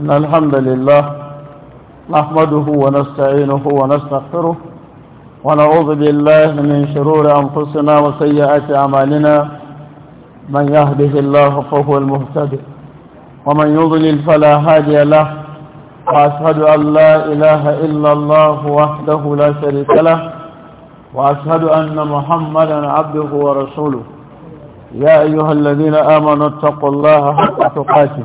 إن الحمد لله نحمده ونستعينه ونستغفره ونعوذ بالله من شرور أنفسنا وسيئات أعمالنا من يهده الله فهو المهتد ومن يضلل فلا هادي له وأشهد أن لا إله إلا الله وحده لا شريك له وأشهد أن محمدا عبده ورسوله يا أيها الذين آمنوا اتقوا الله حق تقاته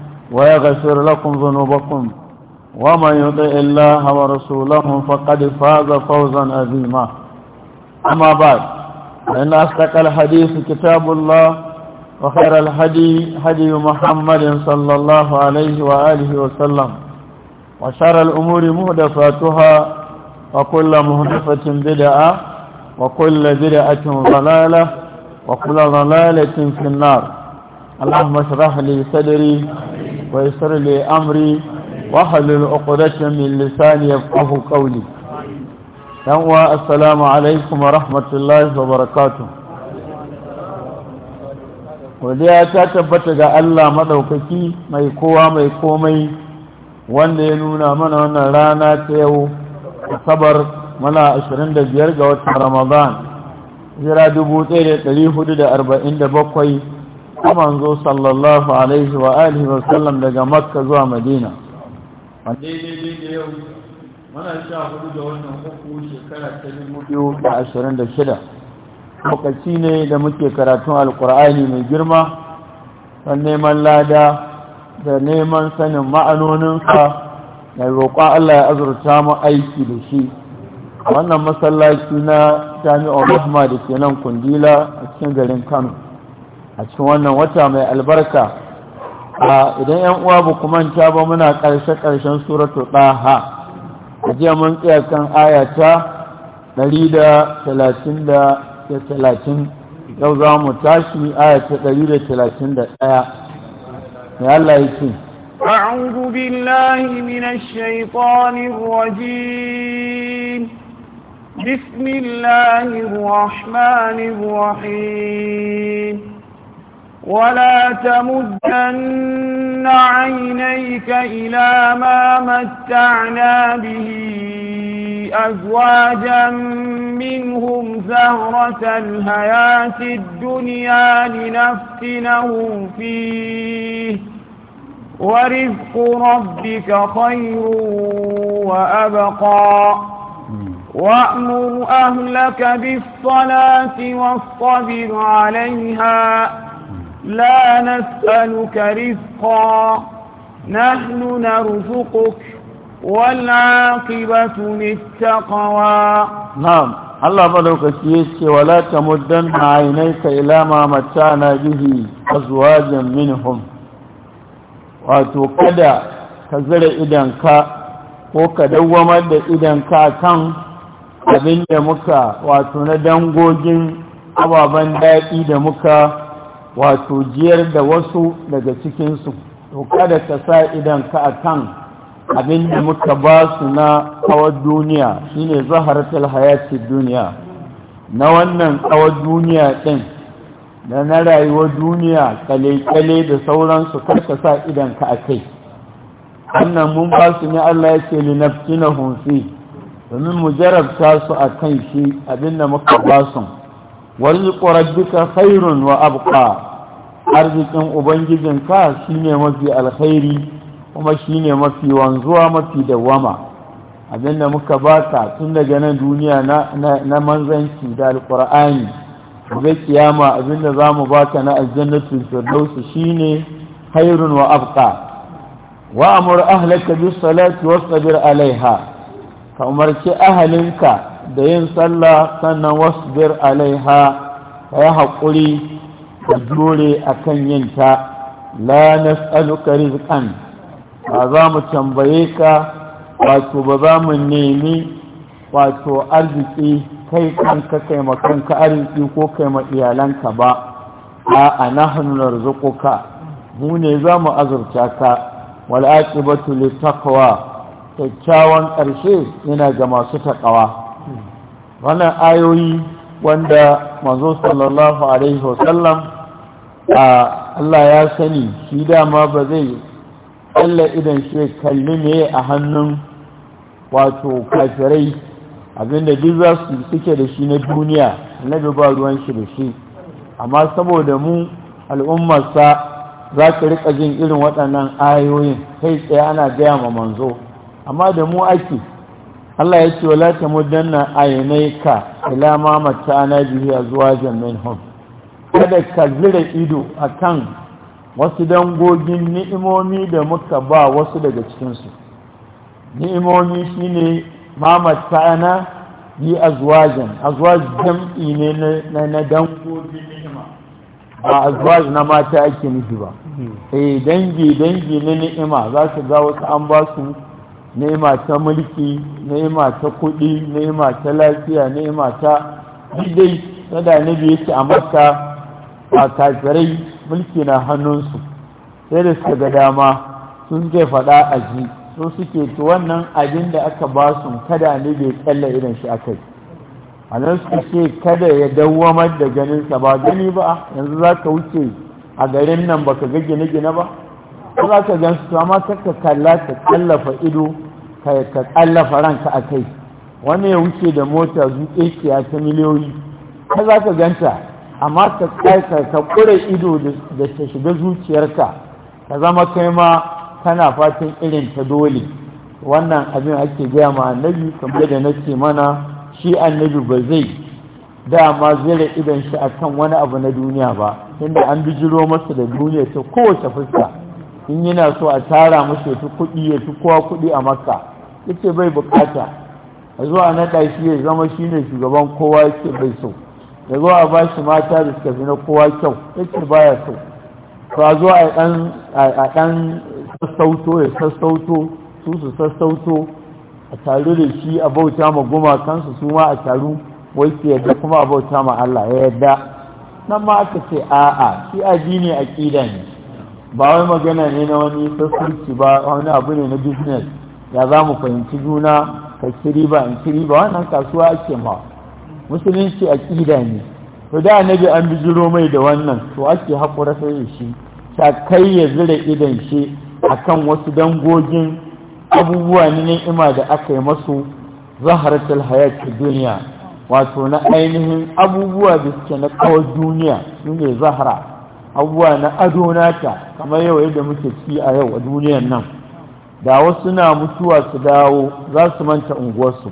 ويغفر لكم ذنوبكم ومن يطع الله ورسوله فقد فاز فوزا عظيما أما بعد فإن أصدق الحديث كتاب الله وخير الهدي هدي محمد صلى الله عليه وآله وسلم وشر الأمور مهدفاتها وكل مهدفة بدعة وكل بدعة ضلالة وكل ضلالة في النار اللهم اشرح لي صدري ويسر لي أمري وحلل عقدة من لساني يفقه قولي يوم السلام a ورحمة الله وبركاته godiya ta tabbata ga Allah maɗaukaki mai kowa mai komai wanda ya nuna mana wannan rana ta yau asabar mana 25 ga watan ramadan jira 1447 manzo sallallahu alaihi wa alihi wa sallam daga makka zuwa madina mana da lokaci ne da muke karatun alkur'ani mai girma don neman lada da neman sanin ma'anoninsa da roƙon allah ya azurta mu aiki da shi wannan masallaci na jami'ar rahma da ke nan kundila a cikin garin kano a cikin wannan wata mai albarka a idan yan uwa ba manta ba muna ƙarshe ƙarshen suratu ɗaha a jiya mun tsaya kan ayata 130 yau za mu tashi ayata 131 mai Allah ya ce أعوذ بالله من الشيطان الرجيم بسم الله الرحمن الرحيم ولا تمدن عينيك إلى ما متعنا به أزواجا منهم زهرة الحياة الدنيا لنفتنهم فيه ورزق ربك خير وأبقى وأمر أهلك بالصلاة واصطبر عليها لا نسألك رزقا نحن نرزقك والعاقبة للتقوى نعم الله بلوك سيسك ولا تمدن عينيك إلى ما متعنا به أزواجا منهم وتكدى كذل إدنك وكدوما إدنك كان abin da muka wato na dangogin ababen daɗi da muka wato jiyar da wasu daga cikinsu to kada ka sa idan ka akan abin da muka ba su na kawar duniya shine zaharatul hayati duniya na wannan kawar duniya ɗin da na rayuwar duniya kale-kale da sauransu karka sa idan ka a kai. wannan mun ba su ne Allah ya ce na hunsi domin mu jarabta su akan shi abin da muka ba su warzuku rabbika khairun wa abqa arzikin ubangijinka shine mafi alkhairi kuma shine mafi wanzuwa mafi dawama abinda muka baka tun daga nan duniya na manzanci da alkur'ani zai kiyama abinda za mu baka na aljannatu firdausi shine khairun wa abqa wa amur ahlaka bis salati wasbir alaiha ka umarci ahalinka da yin sallah sannan wasu wasbir alaiha ka yi haƙuri ka jure a kan yinta la nas'aluka rizqan ba za mu tambaye ka wato ba za mu nemi wato arziki kai kanka kai makanka arziki ko kai ma iyalanka ba a nahnu narzuquka mu ne za mu azurta ka wal aqibatu lit takawa? kyakkyawan ƙarshe yana ga masu taƙawa wannan ayoyi wanda manzo sallallahu alaihi wasallam a Allah ya sani shi dama ba zai kalla idan shi kalli ne a hannun wato kafirai abinda duk za su suke da shi na duniya annabi ba ruwan shi da shi amma saboda mu al'ummarsa za ka rika jin irin waɗannan ayoyin kai tsaye ana gaya ma manzo amma da mu ake Allah ya ce wala ta mudanna ka ila ma mata'ana bihi azwajan minhum kada ka zira ido akan wasu dangogin ni'imomi da muka ba wasu daga cikin su ni'imomi shine ma zuwa bi a zuwa jam'i ne na dangogin ni'ima ba a zuwa na mata ake nufi ba hmm. eh dangi dangi na ni'ima za su ga wasu an ba su nema ta mulki nema ta kuɗi nema ta lafiya nema ta dai na da annabi yake a makka a kafirai mulki na hannunsu sai da suka ga dama sun zai faɗa a ji su suke ci wannan abin da aka ba su kada ne bai tsalla irin shi aka yi a nan suka ce kada ya dawwamar da ganinsa ba gani ba yanzu za ka wuce a garin nan baka ga gine-gine ba ko za ka gan su amma ka kalla ta tsallafa ido ka tsallafa ranka a kai wani ya wuce da mota zuƙe ta miliyoyi ka za ka ganta amma ka tsaika ka ƙure ido da ta shiga zuciyarka ka zama kai ma kana fatan irin ta dole wannan abin ake gaya ma annabi kamar da nake mana shi annabi ba zai dama zira idon shi akan wani abu na duniya ba inda an bijiro masa da duniya ta kowace fuska in yana so a tara mashi ya fi kuɗi ya fi kowa kuɗi a makka ya ce bai bukata a zuwa naɗa shi ya zama shi ne shugaban kowa ya ce bai so ya zo a bashi mata da suka fi na kowa kyau ya ce ya so to a zo a ɗan sassauto ya sassauto su su sassauto a taru da shi a bauta ma gumakansu su ma a taru wai ke yadda kuma a bauta ma Allah ya yadda nan ma aka ce a'a shi addini aƙida ne ba wai magana ne na wani sassarci ba wani abu ne na business ya za mu fahimci juna ka kiri ba in kiri ba wannan kasuwa ake ma musulunci a ƙida ne to da annabi an bijiro mai da wannan to ake haƙura sai shi ta kai ya zira idan shi a kan wasu dangogin abubuwa ne ima da aka yi masu zaharatul hayat duniya wato na ainihin abubuwa da suke na kawar duniya su ne zahara abubuwa na ado nata kamar yau yadda muke ci a yau a duniyar nan da wasu na mutuwa su dawo za su manta unguwarsu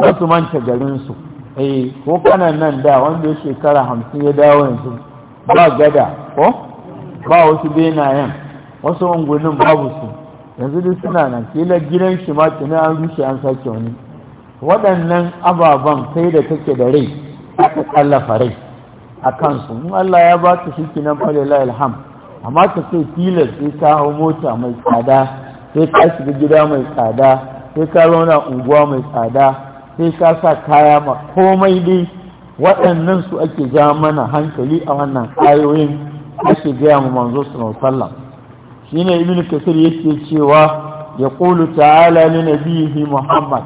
za su manta garinsu eh ko kanan nan da wanda ya shekara hamsin ya dawo yanzu ba gada ko ba wasu benayen wasu ungunin babu su yanzu duk suna nan kila gidan shi ma tuni an rushe an sake wani waɗannan ababen kai da take da rai aka tsallafa rai a kansu in Allah ya ba ka shi nan falila alham amma ka sai tilas sai ka hau mota mai tsada sai ka shiga gida mai tsada sai ka zauna unguwa mai tsada sai ka sa kaya ma komai dai waɗannan su ake ja mana hankali a wannan ayoyin ake gaya ma manzo sallallahu shine ibnu kasir yake cewa yaqulu ta'ala li nabiyhi muhammad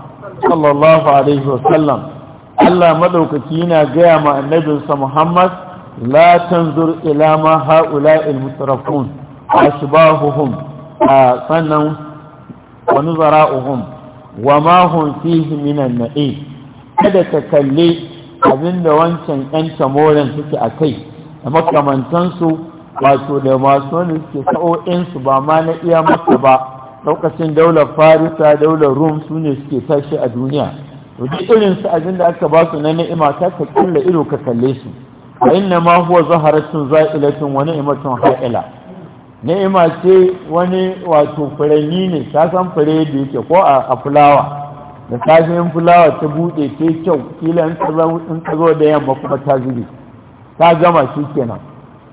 sallallahu alaihi wa sallam Allah madaukaki yana gaya ma annabinsa Muhammad la tanzur ila ma ha'ula'il mutarafun ashbahuhum sannan wa nuzara'uhum wa ma hum fihi minan na'i kada ka kalle abinda wancan yan tamoran suke kai, da makamantansu wato da masu wani suke sa'o'insu ba ma na iya maka ba lokacin daular farisa daular rum su ne suke tashi a duniya to duk irin su abin da aka ba su na ni'ima ta ka kalla ido ka kalle su fa inna ma huwa zaharatun za'ilatun wa ni'matun ha'ila ni'ima ce wani wato furanni ne ta san fure da yake ko a fulawa da safiyan fulawa ta bude yi kyau kila in ka zo da yamma kuma ta zube ta gama shi kenan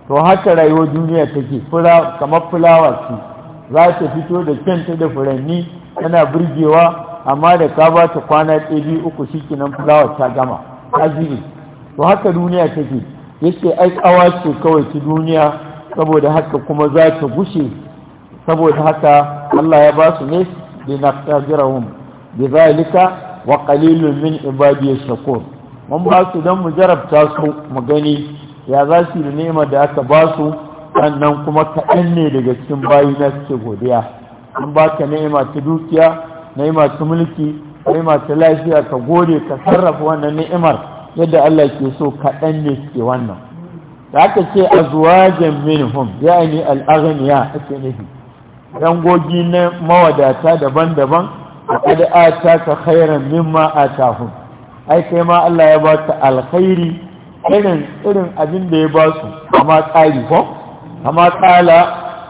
to haka rayuwar duniya take fura kamar fulawa ce za ta fito da kyanta da furanni tana burgewa amma da ka ba ta kwana ɗaya biyu uku shi nan fulawa ta gama ta zube to haka duniya take yake ai kawa ce kawai ta duniya saboda haka kuma za ta gushe saboda haka Allah ya ba su ne da na za a zalika wa qalilun min ibadiy shakur mun ba su don mu jarabta su mu gani ya za su da nema da aka ba su sannan kuma kaɗan ne daga cikin bayi na suke godiya an ba ka nema ta dukiya yi masu mulki yi masu lafiya ka gode ka sarrafa wannan ni'imar yadda Allah ke so kaɗan ne ke wannan da aka ce a zuwa ya minhum ni al-aghniya ake nufi Dangogi na mawadata daban-daban kada ta ka khairan ta hun ai kai ma Allah ya ba ka alkhairi irin irin abin da ya ba su amma tsari ko amma tsala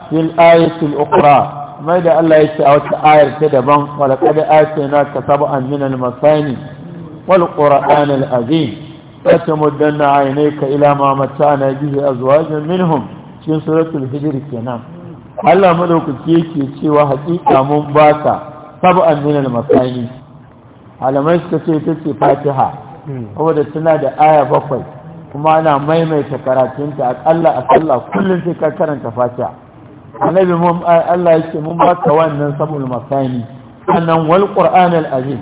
fil ayatul ukhra kamar da Allah ya ce a wata ayar ta daban wala kada atina ka an min al-masani wal qur'an al-azim fatamuddanna aynayka ila ma mata'na bihi azwajan minhum cikin suratul hijr kenan Allah madaukaki yake cewa hakika mun sabu an min al-masani alamai suka ce ta ce fatiha saboda tana da aya bakwai kuma ana maimaita karatunta a a sallah kullum sai ka karanta fatiha annabi mun Allah ya ce mun baka wannan sabul masani sannan wal qur'an al azim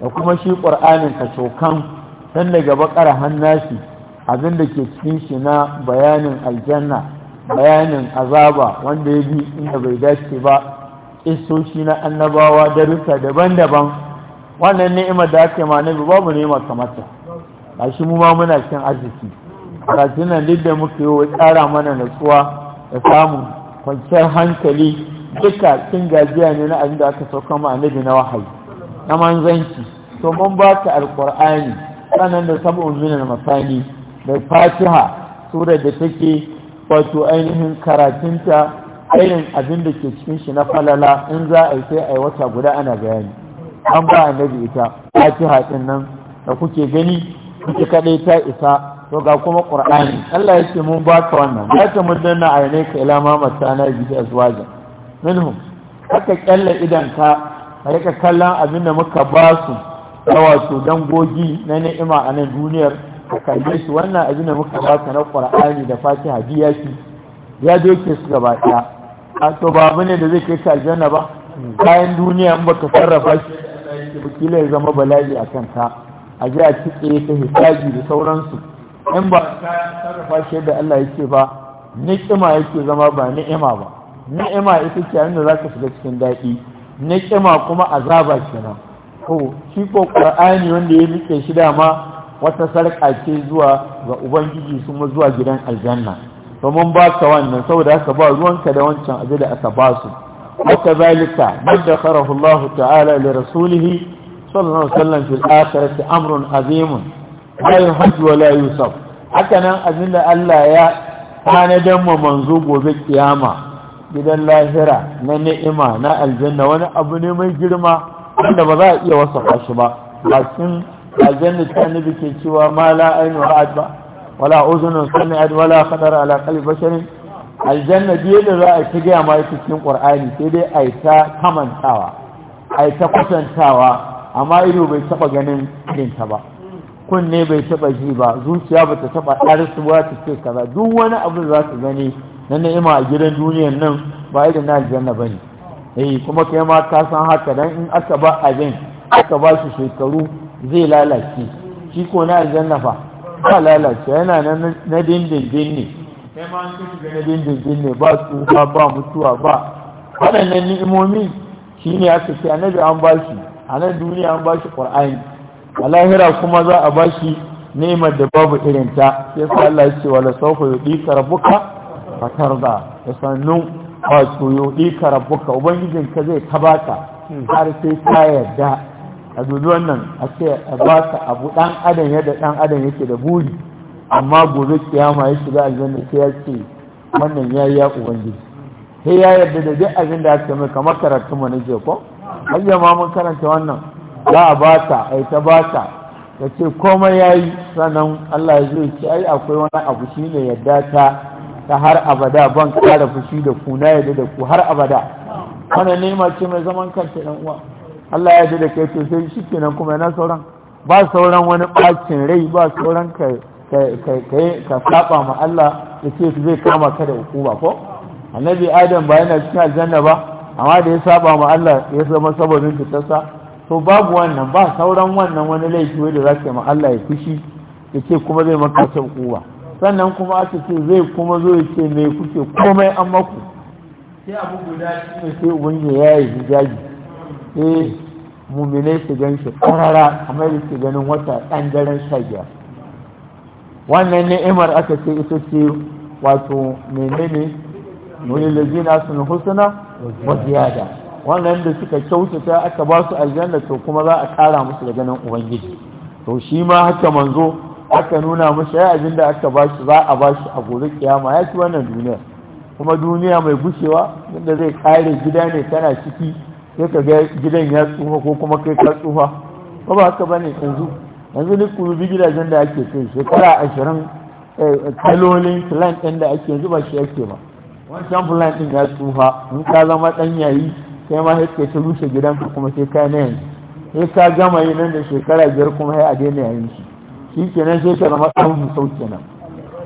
da kuma shi qur'anin ka cokan dan daga bakara hannashi abin da ke cikin shi na bayanin aljanna bayanin azaba wanda ya bi inda bai dace ba isoshi na annabawa da darussa daban-daban wannan ni'imar da ake ma nabi babu ni'ima kamata shi mu ma muna cikin arziki karatun nan duk da muke yi tsara mana natsuwa da samun kwanciyar hankali duka cin gajiya ne na abin da aka sauka ma annabi na wahayi na manzanci to mun ba ka alkur'ani sanan da sabon minan masani da fatiha sura da take wato ainihin karatunta ainihin abin da ke cikin shi na falala in za a yi sai a yi wata guda ana bayani an ba annabi ita fatiha din nan da kuke gani kuke kaɗai ta isa to ga kuma qur'ani Allah ya ce mun ba ka wannan ya ta mudanna ka ila ma matana bi azwajin minhum haka kalla idan ka rika kallon abin da muka ba su wato dangogi na ni'ima a nan duniyar ka kalle shi wannan abin da muka ba ka na qur'ani da fatiha biya shi ya doke su gaba ɗaya a to ba ne da zai kai ka aljanna ba kayan duniya in baka sarrafa shi wakila ya zama bala'i a kanka a ji a kitse ta hisabi da sauransu in ba ta sarrafa shi da Allah yake ba ni'ima yake zama ba ni'ima ba ni'ima ita ce da zaka shiga cikin daɗi ni'ima kuma azaba kenan to shi ko qur'ani wanda ya rike shi da ma wata sarƙa ce zuwa ga ubangiji kuma zuwa gidan aljanna to mun ba ka wannan saboda haka ba ruwan ka da wancan abu da aka ba su haka zalika madda kharahu Allah ta'ala li rasulih sallallahu alaihi wasallam fil akhirati amrun azimun la yuhajju wa la yusaf haka nan abin da Allah ya tanadan mu manzo gobe kiyama gidan lahira na ni'ima na aljanna wani abu ne mai girma wanda ba za a iya wasa shi ba bakin aljanna ta nabi ke cewa ma la ainu ra'at ba wala uzunun ad wala qadar ala qalbi basharin aljanna dai da za a ta ma cikin qur'ani sai dai a ta kamantawa a ta kusantawa, amma ido bai taba ganin ɗinta ba kunne bai taba ji ba zuciya bata taba su ba ta ce kaza duk wani abu za su gani na ni'ima a gidan duniyan nan ba irin na aljanna bane eh kuma kai ma ka san haka dan in aka ba abin aka ba shi shekaru zai lalace shi ko na aljanna fa ba lalace yana na dindindin ne kai ma an shiga na dindindin ne ba tsufa ba mutuwa ba waɗannan ni'imomi shine aka ce annabi an ba shi a nan duniya an ba shi qur'ani a lahira kuma za a ba shi nemar da babu irin ta sai sa Allah ya ce wala sawfa yudika rabbuka fatarda da wa wato yudika rabbuka ubangijin ka zai tabaka har sai ka yarda a dudu wannan a ce a ba ka abu dan adam yadda dan adam yake da buri amma gobe kiyama ya shiga aljanna sai ya ce wannan yayi ya ubangiji sai ya yarda da duk abin da aka mai kamar karatun mu ne ko har ma mun karanta wannan za a ba ta ai ta ba ta ce komai ya yi sannan Allah ya zai ce ai akwai wani abu shi ne yadda ta ta har abada ban kara fushi da ku na yadda da ku har abada wannan nema ce mai zaman kanta dan uwa Allah ya da kai to sai shi kenan kuma yana sauran ba sauran wani bakin rai ba sauran ka ka saba ma Allah ya ce zai kama ka da hukuma ko annabi adam ba yana cikin aljanna ba amma da ya saba ma Allah ya zama sababin fitarsa to babu wannan ba sauran wannan wani laifi wanda za ka Allah ya fushi ya ce kuma zai maka ta kuwa sannan kuma aka ce zai kuma zo ya ce mai kuke komai an maku sai abu guda shi ne sai ubangiji ya yi hijabi eh muminai su gan shi ƙarara amma da su ganin wata ɗan daren sha biyar wannan ni'imar aka ce ita ce wato menene lazina sun husna wa ziyada wannan da suka kyautata aka ba su aljanna to kuma za a ƙara musu da ganin ubangiji to shi ma haka manzo aka nuna mashi ya abin da aka ba shi za a ba shi a gobe kiyama ya ci wannan duniya kuma duniya mai gushewa inda zai kare gida ne tana ciki sai ka ga gidan ya tsufa ko kuma kai ka tsufa ba ba haka bane yanzu yanzu ni ku bi gidajen da ake kai shekara ashirin eh, kalolin plan ɗin da ake yanzu ba shi ake ba wancan plan ɗin ya tsufa in ka zama ɗan yayi sai ma sai ta rushe gidanka kuma sai ka na yanzu sai ka gama yi nan da shekara biyar kuma sai a daina yayin shi shi kenan sai ka zama ɗan sau kenan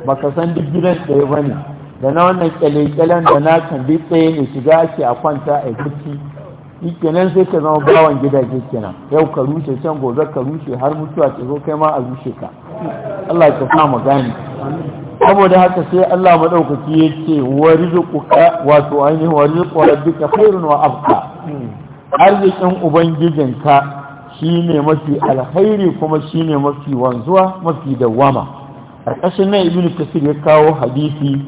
baka san duk gidan da ba ne da na wannan ƙyale-ƙyalen da na kan duk tsaye ne shiga ake a kwanta a yi shi kenan sai ka zama bawan gidaje kenan yau ka rushe can gobe ka rushe har mutuwa ce zo kai ma a rushe ka Allah ya kafa mu gani saboda haka sai Allah madaukaki ya ce wa rizquka wato wa rizqu rabbika khairun wa abqa arzikin ubangijinka shine mafi alkhairi kuma shine mafi wanzuwa mafi dawama karkashin nan ibnu kasir ya kawo hadisi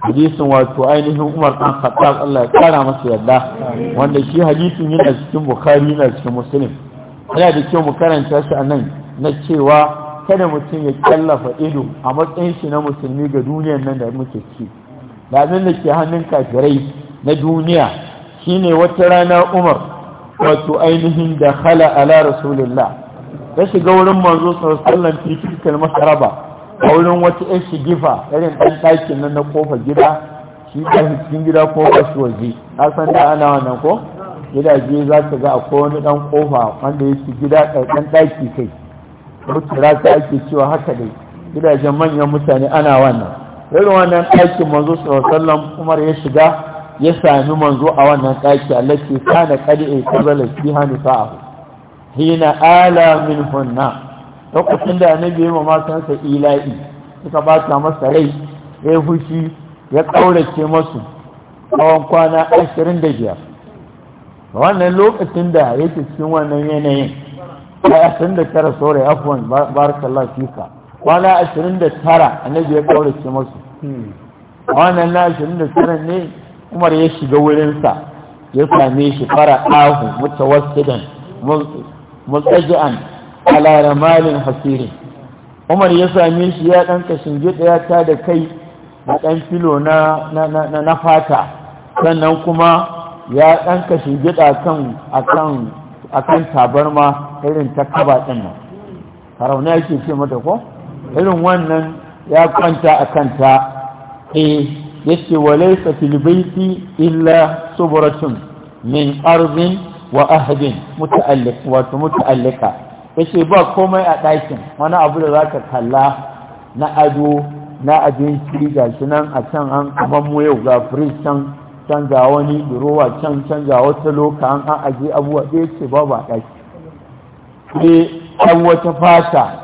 hadisin wato ainihin Umar dan Khattab Allah ya kara masa yadda wanda shi hadisin yana cikin Bukhari yana cikin Muslim yana da kyau mu karanta shi anan na cewa kada mutum ya kyallafa ido a matsayin shi na musulmi ga duniyar nan da muke ci abin da ke hannun kafirai na duniya shine wata rana umar wato ainihin da khala ala rasulullah Ya shiga wurin manzo sallallahu alaihi wasallam masaraba a wurin wata ƴan shigifa irin ɗan ɗakin nan na kofa gida shi ɗan cikin gida ko kashi waje na san da ana wannan ko gidaje za ka ga akwai wani ɗan kofa wanda ya shi gida ɗan ɗaki kai rukura ta ake cewa haka dai gidajen manyan mutane ana wannan irin wannan ɗakin manzo sallallahu umar ya shiga ya sami manzo a wannan ɗaki allati kana qad ikabala fiha nisa'ahu hina ala min hunna lokacin da annabi ya mama sansa ila'i suka bata masa rai ya fushi ya ƙaurace masu tsawon kwana ashirin da biyar wannan lokacin da yake cikin wannan yanayin kwana ashirin da tara saurayi afuwan barakallah fika kwana ashirin da tara annabi ya kaurace masu hmm. wannan na ashirin da tara ne umar ya shiga wurinsa ya same shi fara ɗahu mutawassidan mutsaji'an ala ramalin hasirin umar ya same shi ya ɗan kashin gida ya ta da kai a ɗan filo na fata sannan kuma ya ɗan kashin gida kan akan tabarma irin ta kaba ɗin nan harauna yake ce mata ko irin wannan ya kwanta a ta e eh, yace walaysa illa subratun min ardin wa ahdin muta'alliq wato muta'allika ba komai a ɗakin wani abu da zaka kalla na ado na abinci gashi nan a can an kaman mu yau ga firistan. canza wani durowa can canza wata loka an an aje abuwa ɗaya ce ba a ɗaki sai an wata fata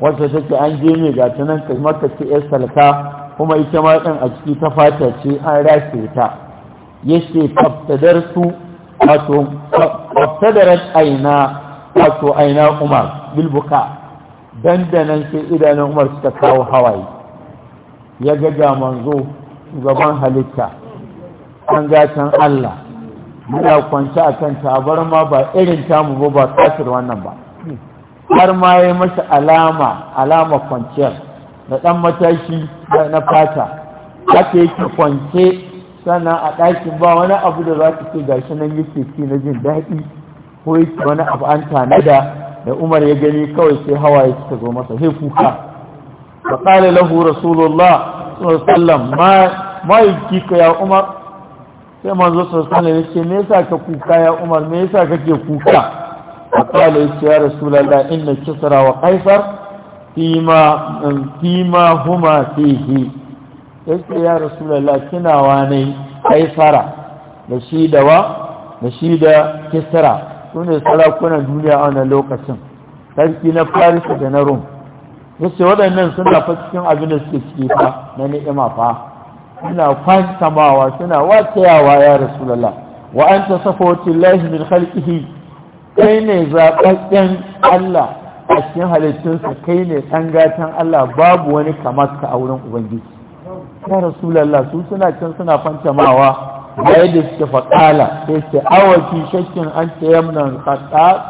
wacce take an je mai gata nan ka maka ce yar salka kuma ita ma ɗin a ciki ta fata ce an rashe ta ya ce kaftadar su wato kaftadarar aina wato aina umar bilbuka dandanan sai idanun umar suka kawo hawaye ya ga manzo gaban halitta an gatan Allah muna kwance a kan ma ba irin tamu ba ba kasir wannan ba har ma ya masa alama alama kwanciyar da ɗan matashi na fata haka yake kwance sannan a ɗakin ba wani abu da za ta ce shi nan yake ci na jin daɗi ko yake wani abu an tanada da umar ya gani kawai sai hawa hawaye suka zo masa sai kuka fa qala lahu rasulullah sallallahu alaihi wasallam ma ma yiki ya umar sai manzo sallallahu ya ce, me yasa ka kuka ya Umar me yasa kake kuka kala ya rasulullah inna kisra wa qaisar fima fima huma fihi ya rasulullah kina ne qaisara da shi da wa da shi da kisra sune sarakunan duniya a wannan lokacin sarki na Faris da na Rum yace waɗannan suna fa cikin abin da suke ciki fa na ni'ima fa suna fantamawa suna watsayawa ya rasulallah wa an anta safawatullahi min khalqihi kai ne zaɓaɓɓen Allah a cikin halittunsa kai ne gatan Allah babu wani kamar a wurin ubangiji ya rasulallah su suna can suna fantamawa da yadda suke faƙala sai ce awaki shakkin an ce yamnan haɗa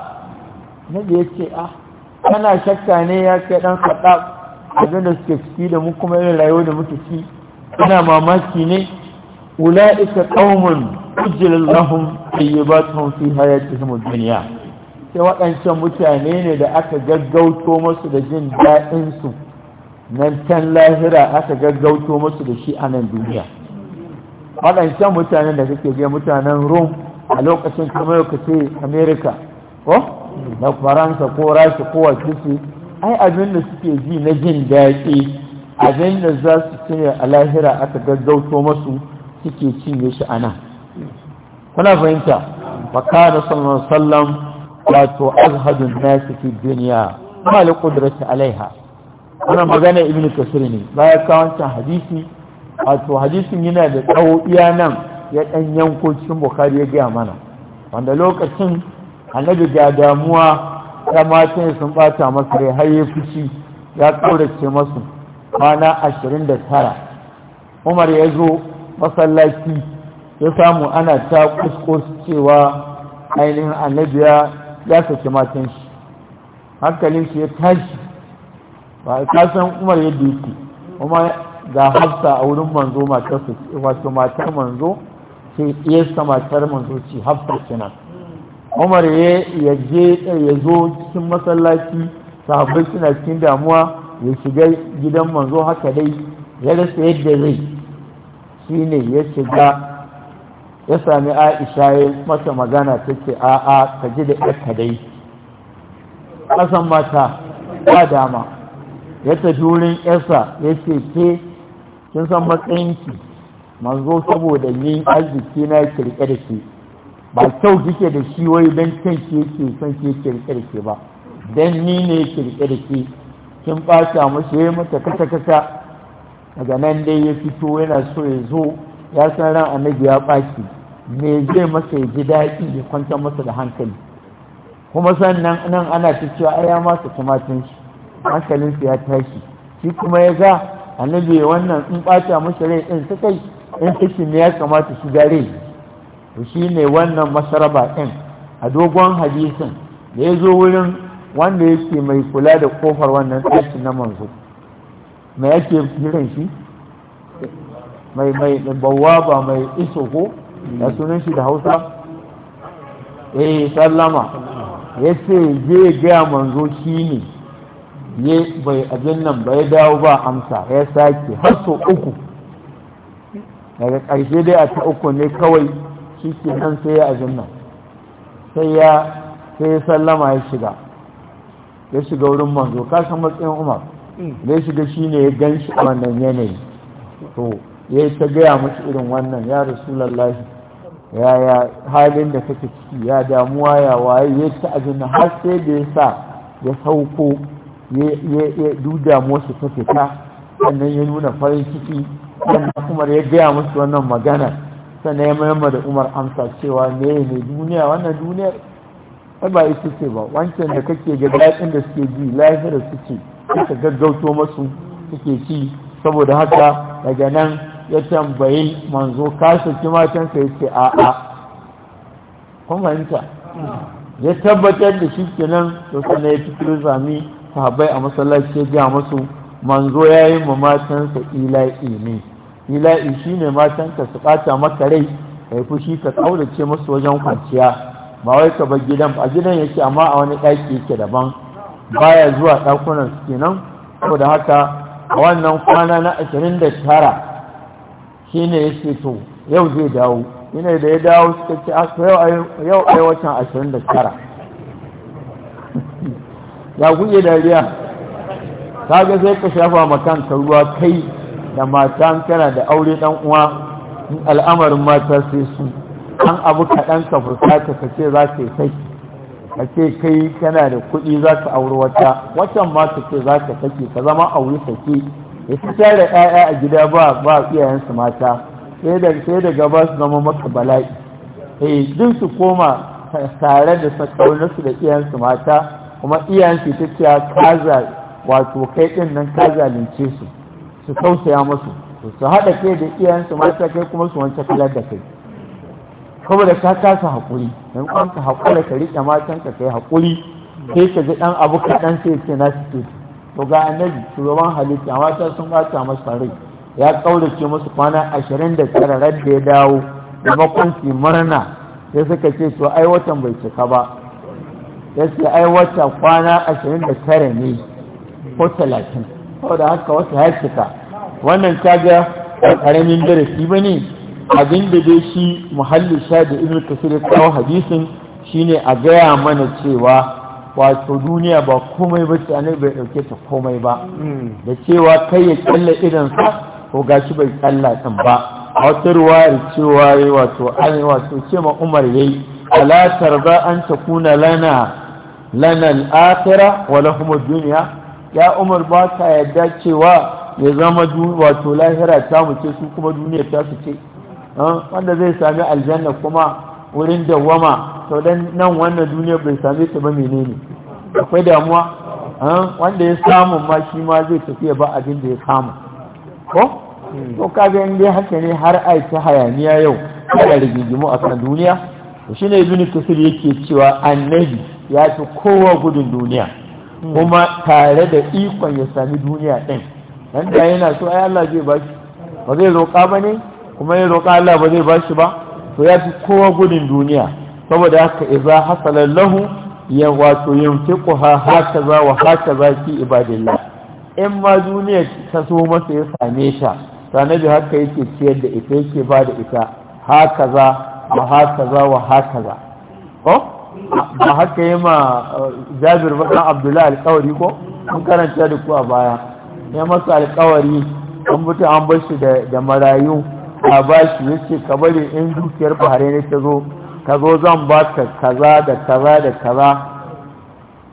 na da ya ce ah kana shakka ne ya ce ɗan haɗa abinda suke ciki da mu kuma yin rayuwa da muke ci suna mamaki ne ula'ika qaumun ujjil lahum tayyibatuhum fi hayatihim ad-dunya sai waɗancan mutane ne da aka gaggauto musu da jin daɗin su nan can lahira aka gaggauto musu da shi a nan duniya waɗancan mutanen da kake ga mutanen rom a lokacin kamar ka ce America ko na Faransa ko Rasha ko wasu ai abin da suke ji na jin daɗi abin da za su cinye a lahira aka gaggauto masu suke cinye shi a nan kuna fahimta makana sallon sallam wato azhadun nasi fi duniya ma kudurata alaiha wannan magana ibnu kasir ne baya kawancin hadisi wato hadisin yana da tsawo iya nan ya ɗan yanko bukari ya gaya mana wanda lokacin annabi ga damuwa ya matan sun bata masa rai har ya fushi ya kaurace masu kwana ashirin da tara umar ya zo masallaci ya samu ana ta kuskus cewa ainihin annabiya ya saki matan shi hankalin shi ya tashi ba ka san umar ya duki kuma ga hafsa a wurin manzo matar su wato matar manzo iya iyasta matar manzo ce hafsa kenan umar ya je ya zo cikin masallaci sahabbai suna cikin damuwa ya shiga gidan manzo haka dai ya rasa yadda zai shi ne ya shiga ya sami aisha ya mata magana ta ce a'a ka ji da ɗarka dai ƙasan mata ba dama ya tafi wurin yarsa ya ce ke kin san matsayinki manzo saboda ni arziki na kirkir da ke ba kyau kike da shi wai don kan ke son ke kirkir ke ba don ni ne ya kirkir ke kin ɓata mashi ya mata kasa kasa daga nan dai ya fito yana so ya zo ya san ran annabi ya ɓaci me zai masa ya ji daɗi ya kwantar masa da hankali kuma sannan nan ana ta cewa ai ya masa tumatin shi hankalinsa ya tashi shi kuma ya ga annabi wannan in ɓata masa rai ɗin ta kai in take ne ya kamata shi rai? to shi ne wannan masaraba ɗin a dogon hadisin da ya zo wurin wanda yake mai kula da kofar wannan tashi na manzo mai yake kiran shi mai mai bawaba mai iso ko da sunan shi da hausa eh sallama ya ce je gaya manzo shi ne ya bai abin nan bai dawo ba amsa ya sake har sau uku daga ƙarshe dai a ta uku ne kawai shi ke nan sai ya abin nan sai ya sai sallama ya shiga ya shiga wurin manzo ka san matsayin umar da ya shiga ne ya gan shi wannan yanayi to ya yi ta gaya mashi irin wannan ya ya yaya halin da kake ciki ya damuwa ya waye ya ci abin har sai da ya sa ya sauko ya duda musu ta fita sannan ya nuna farin ciki sannan kuma ya gaya musu wannan magana sannan ya mayar da umar amsa cewa me ne duniya wannan duniyar ai ba ita ce ba wancan da kake ga daɗin da suke ji lafiyar suke suka gaggauto masu suke ci saboda haka daga nan ya tambayi manzo ka saki matansa ya ce a'a kun fahimta ya tabbatar da shi kenan to sannan ya fitar zami sahabbai a masallaci ya gaya masu manzo ya yi ma matansa ila'i ne ila'i shine ka su ɓata maka rai yi fushi ka kaurace masu wajen kwanciya ba wai ka bar gidan a gidan yake amma a wani ɗaki yake daban baya zuwa ɗakunan su kenan da haka a wannan kwana na ashirin da tara shi ne ya ce to yau zai dawo ina da ya dawo suka ce yau a watan ashirin da tara ya kuke dariya ta ga sai ka shafa makan ka ruwa kai da matan kana da aure ɗan uwa al'amarin mata sai su an abu kaɗan ka fusata ka ce za ka yi saki ka ce kai kana da kuɗi za ka auri wata watan ma ka ce za ka saki ka zama auri saki ya ci da 'ya'ya a gida ba ba iyayensu mata sai da gaba su zama maka bala'i eh duk su koma tare da su da iyayensu mata kuma iyayensu ta ce kaza wato kai ɗin nan ka zalunce su su tausaya musu su haɗa kai da iyayensu mata kai kuma su wance kalar da kai saboda ta kasa haƙuri don kwan ka haƙura ka riƙe matan ka kai haƙuri sai ka ji ɗan abu kaɗan sai ce na suke to ga annabi shugaban halitta mata sun ɓata masa rai ya ƙaurace musu kwana ashirin da tara da ya dawo maimakon su murna sai suka ce to ai watan bai cika ba ya ce ai wata kwana ashirin da tara ne ko talatin saboda haka wata ya cika wannan ta ga ƙaramin darasi ba ne abin da dai shi muhalli sha da ibn kasir ya kawo hadisin shine a gaya mana cewa wato duniya ba komai ba ta bai dauke ta komai ba hmm. da cewa kai ya kalla idan sa ko gashi bai kalla din ba a wata ruwayar cewa yayi wato an wato ce ma Umar yayi ala tarba an takuna lana lana al-akhirah wa lahum ad-dunya ya Umar ba ta yadda cewa ya zama wato lahira ta mu ce su kuma duniya ta su ce wanda zai sami aljanna kuma wurin dawwama to dan nan wannan duniya bai same ta ba menene akwai damuwa wanda ya samu ma shi ma zai tafiya ba abin da ya samu ko ko hmm. kaga in dai haka ne har ai ta hayaniya yau kada rigingimu a kan duniya shi ne ibn kasir yake cewa annabi ya fi kowa gudun duniya hmm. kuma tare da ikon ya sami duniya ɗin dan da yana so ai Allah zai ba shi ba zai roƙa ba ne kuma ya roƙa Allah ba zai ba shi ba to ya fi kowa gudun duniya saboda haka iza hasala lahu ya wato yanfiqu ha haka za wa haka za ki ibadillah in ma duniya ta so masa ya same ta sanabi haka yake ciyar da ita yake ba da ita haka za wa haka za wa haka za ko ba haka yi ma uh, jabir ba abdullahi alkawari ko an karanta da ku a baya ya masa alkawari an mutu an bar shi da marayu a bashi yace ka bari in dukiyar bahare ne ta zo ka zo zan ba ka kaza da kaza da kaza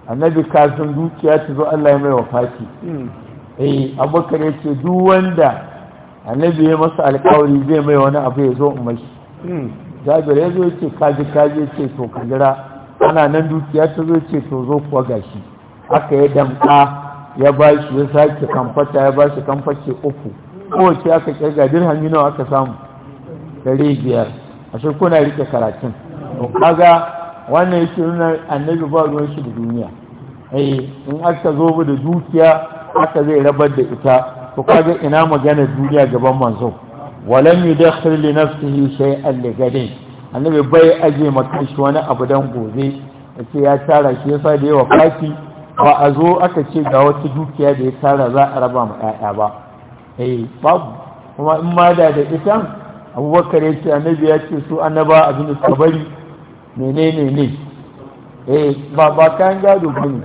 annabi kasin dukiya ta zo Allah ya mai wa faki eh abubakar ce duk wanda annabi ya masa alƙawari zai mai wani abu ya zo in mashi jabir ya zo yace kaji kaji ce to ka jira ana nan dukiya ta zo yace to zo kuwa gashi aka ya damka ya bashi ya sake kamfata ya bashi kamface uku kowace aka kirga dirhami nawa aka samu dare biyar a shi kuna rike karatun to kaga wannan yake nuna annabi ba ruwan shi da duniya eh in aka zo da dukiya aka zai rabar da ita to kaga ina magana duniya gaban manzo walam yudakhir li nafsihi shay'an li gadin annabi bai aje maka shi wani abu dan gobe yace ya tara shi yasa da yawa faki ba a zo aka ce ga wata dukiya da ya tara za a raba ma 'ya'ya ba eh babu kuma in ma da da ita abubakar ya ce annabi ya ce su annaba abin da suka bari menene ne eh ba ba kayan gado ba ne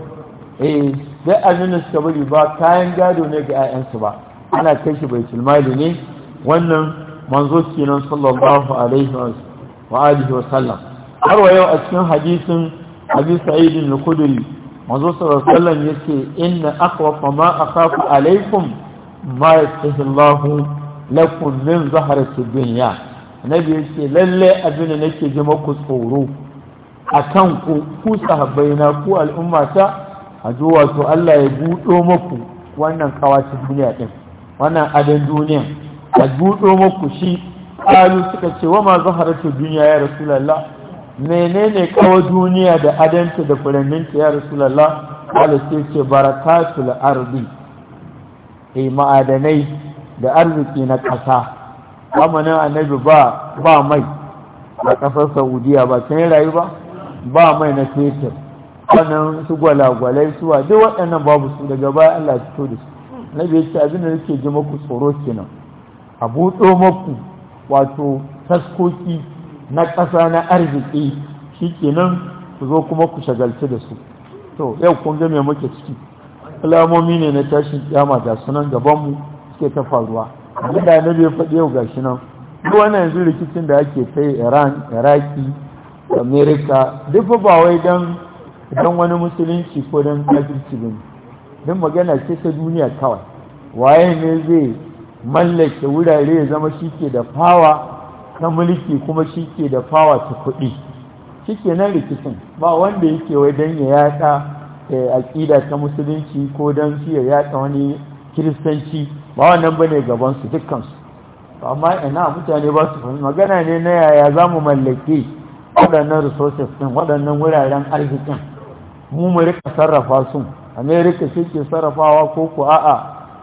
eh dai abin da suka bari ba kayan gado ne ga 'ya'yansu ba ana kai shi bai mali ne wannan manzo kenan sallallahu alaihi wa alihi wa sallam har wa yau a cikin hadisin abi sa'id al-khudri manzo sallallahu alaihi wa sallam yace inna akhwafa ma akhafu alaikum ma yastahi Allah lakum min zahrati dunya annabi yace lalle abin da nake ji maku tsoro akan ku ku sahabbai na ku al'umma ta zo wato Allah ya budo maku wannan kawacin duniya din wannan adan duniya a budo maku shi qalu suka ce wa ma zahratu dunya ya rasulullah menene kawo duniya da adanta da furanninta ya rasulullah qala sai ce barakatul ardi ma'adanai da arziki na ƙasa amanin annabi ba ba mai a ƙasar saudiya ba can rayu ba ba mai na fetur wannan su gwalagwalai suwa duk waɗannan babu su daga baya Allah fito da su annabi ya ce abin da nake ji maku tsoro kenan a buɗo maku wato taskoki na ƙasa na arziki shi kenan ku zo kuma ku shagaltu da su to yau kun ga me muke ciki alamomi ne na tashin kyama ga sunan gabanmu suke ta faruwa abin da na faɗi yau gashi nan duk wannan yanzu rikicin da ake tsaye iran iraki Amerika, duk ba wai dan dan wani musulunci ko dan kafirci bane dan magana ce ta duniya kawai waye ne zai mallake wurare ya zama shi ke da fawa ta mulki kuma shi ke da fawa ta kuɗi ke nan rikicin ba wanda yake wai dan ya yaɗa. Eh, aƙida ta musulunci ko don siya ya yaɗa wani kiristanci ba wannan ba ne gabansu dukkansu amma ina mutane ba su fahimta magana ne na yaya za mu mallake waɗannan resources ɗin waɗannan wuraren arzikin mu mu rika sarrafa su america shi ke sarrafawa ko ku a'a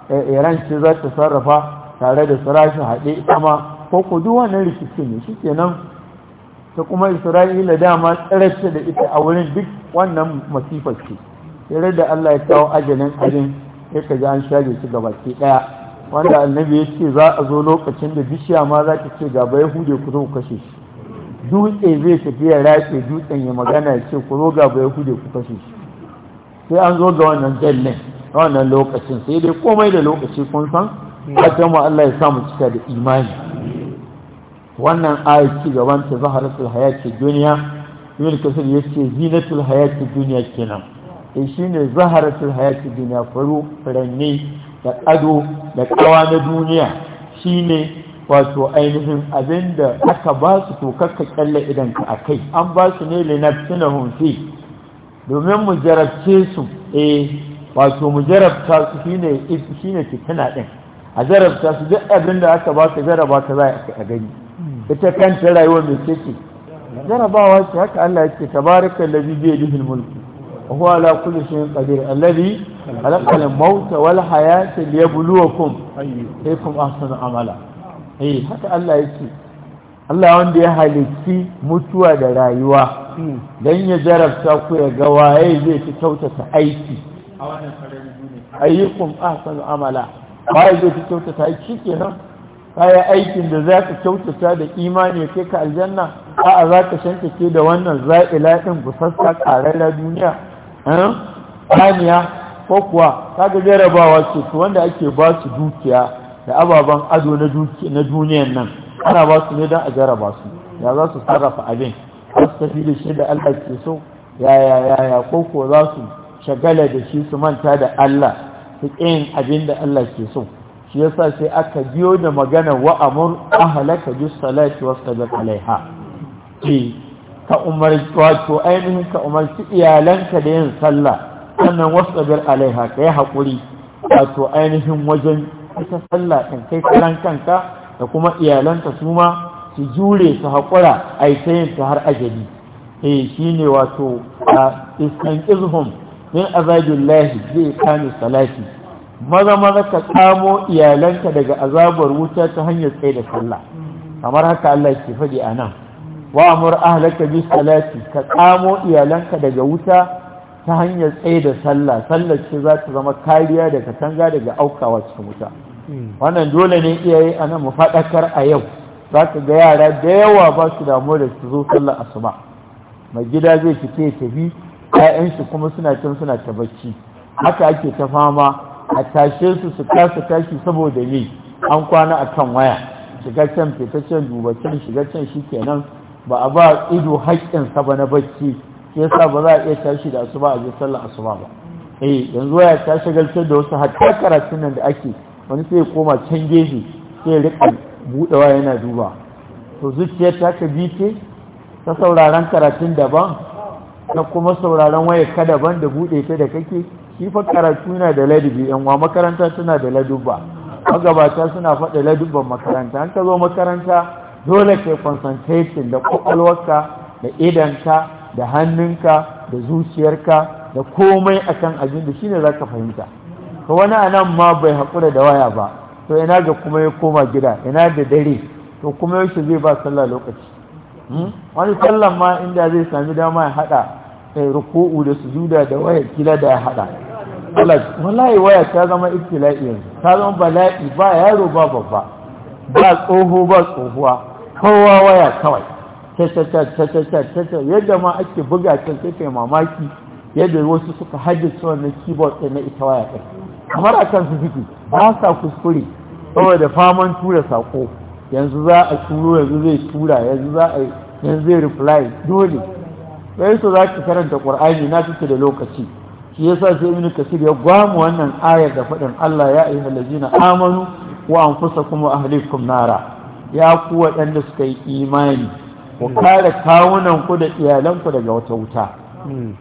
eh, iran ce za ta sarrafa tare da sarashi haɗe kama ko ku duk wannan rikici ne shi kenan ta kuma isra'ila dama tsirarce da ita a wurin duk wannan masifar ce sai da Allah ya kawo ajalin abin ya ka ji an share su baki daya wanda annabi ya ce za a zo lokacin da bishiya ma za ta ce gaba ya hude ku zo ku kashe shi dutse zai tafi ya rafe dutsen ya magana ya ce ku zo gaba ya hude ku kashe shi sai an zo ga wannan jallin a wannan lokacin sai dai komai da lokaci kun san wajen mu Allah ya sa mu cika da imani wannan ayat ci gaban ta zaharatul hayati duniya ibn kasir yace zinatul hayati duniya kenan da eh, shi ne zaharatul hayati duniya faru furanni da ado da kawa na duniya shi ne wato ainihin abinda aka ba su to ka kyalle idan ka a kai an ba su ne linafsina hunfi domin mu jarabce su eh wato mu jarabta su shine shine fitina din a jarabta su duk abinda aka ba su jaraba ta za a gani ita kanta rayuwar mai ce ce jarabawa ce haka Allah ya ce tabarakallazi bi yadihi mulku وهو على كل شيء قدير الذي خلق الموت والحياة ليبلوكم أيكم أحسن عملا eh haka Allah yake Allah wanda ya halitti mutuwa da rayuwa dan ya jarabta ku ya ga waye zai fi kyautata aiki a wannan sarari kenan kaya aikin da za ka kyautata da imani ke ka aljanna a'a za ka ke da wannan za'ila din gusassa ƙararra duniya ɗaniya eh? ko kuwa ta ga jarabawa ce su wanda ake ba su dukiya da ababen ado na duniyan nan ana ba su ne don a jaraba su ya za su sarrafa abin za su tafi da shi da allah ke so yaya yaya ko kuwa za su shagala da shi su manta da allah su ƙin abin da allah ke so shi ya sa sai aka biyo da magana wa'amur ahalaka bis salati wasu alaiha eh, ka umarci wato ainihin ka umarci iyalanka da yin sallah sannan wasu wasabir alaiha ka yi haƙuri wato ainihin wajen ita sallah ɗin kai kalan kanka da kuma iyalanka su ma su jure su haƙura a yi sayin ta har ajali eh shi ne wato a iskan izhum min azabin lahi zai kame salati maza maza ka kamo iyalanka daga azabar wuta ta hanyar tsaye da sallah kamar haka Allah ke faɗi a nan wa'amur ahlaka bi salati ka kamo iyalanka daga wuta ta hanyar tsaye da sallah sallar ce za ta zama kariya daga tanga daga aukawa cikin wuta wannan dole ne iyaye a nan mu faɗakar a yau za ka ga yara da yawa ba su damu da su zo sallar asuba mai gida zai fita ya tafi ƴaƴan shi kuma suna can suna ta bacci haka ake ta fama a tashe su su kasa tashi saboda ne an kwana a kan waya shiga can fita can duba can shiga can shi kenan ba a ba ido haƙƙinsa ba na bacci ke sa ba za a iya tashi da asuba a jisar sallar asuba ba eh yanzu ya ta shagaltar da wasu hatta karatun nan da ake wani sai koma can gefe sai riƙa buɗewa yana duba to zuciyar ta ka bi ce ta sauraron karatun daban ta kuma sauraron waya ka daban da buɗe ta da kake shi fa karatu na da ladabi yan wa makaranta suna da ladubba magabata suna faɗa ladubban makaranta an ka zo makaranta dole ke concentration da kwakwalwarka da idanka da hannunka da zuciyarka da komai a kan abin da shine ka fahimta to wani a nan ma bai haƙura da waya ba to ina ga kuma ya koma gida ina da dare to kuma yaushe zai ba sallah lokaci hmm? wani sallan ma inda zai sami dama ya haɗa eh, ruku'u da su sujuda da waya kila da ya haɗa wallahi waya ta zama ibtila'i yanzu ta zama bala'i ba yaro ba babba ba tsoho ba tsohuwa kowa waya kawai ta yadda ma ake buga ta sai kai mamaki yadda wasu suka haddace wannan keyboard ɗin na ita waya ɗin kamar a kan su suke ba sa kuskure da faman tura sako yanzu za a turo yanzu zai tura yanzu za a yanzu zai reply dole yi so za ki karanta ƙur'ani na kike da lokaci shi yasa sai ibnu kasir ya gwamu wannan ayar da faɗin Allah ya ayyuhal ladina amanu wa kuma a ahlikum nara ya ku waɗanda suka yi imani ku kare kawunanku da iyalanku daga wata wuta hmm.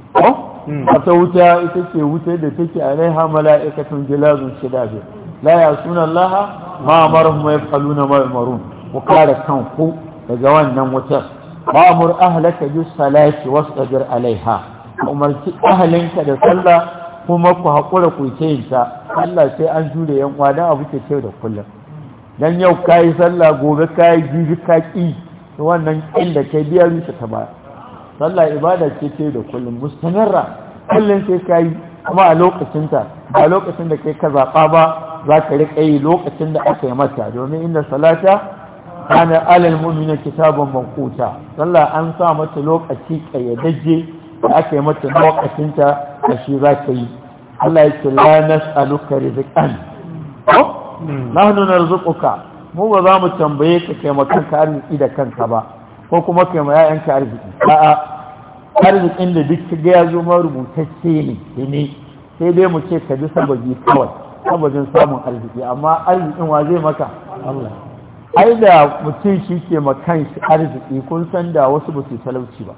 wata wuta ita ce wuta da take a laiha mala'ikatun gilazun shidabe la ya suna laha ma marhum ya falu na marmarun ku kare kanku daga wannan wutar ma'amur ahlaka bi salati wastajir alaiha umarci ahalinka da sallah kuma ku haƙura ku ce ta Allah sai an jure yan kwana abu ke ce da kullum dan yau kayi sallah gobe kayi jibi ka ki wannan inda da biya rushe ta ba sallah ibada ce ce da kullum mustamirra kullum sai kayi kuma a lokacinta. ba lokacin da kai ka zaɓa ba za ka riƙa yi lokacin da aka yi mata domin inda salata kana alal mu'mina kitabun manquta sallah an sa mata lokaci kayyadaje da aka yi mata lokacin ta da shi za ka yi Allah ya ce la nas'aluka rizqan nahnu narzuquka mu ba za mu tambaye ka kai arziki da kanka ba ko kuma kai ma yayanka arziki a'a arzikin da duk ga ya zo ma rubutacce ne ne sai dai mu ce ka ji sababi kawai sababin samun arziki amma arzikin wa zai maka Allah ai da mutum shi ke makan shi arziki kun san da wasu ba su talauci ba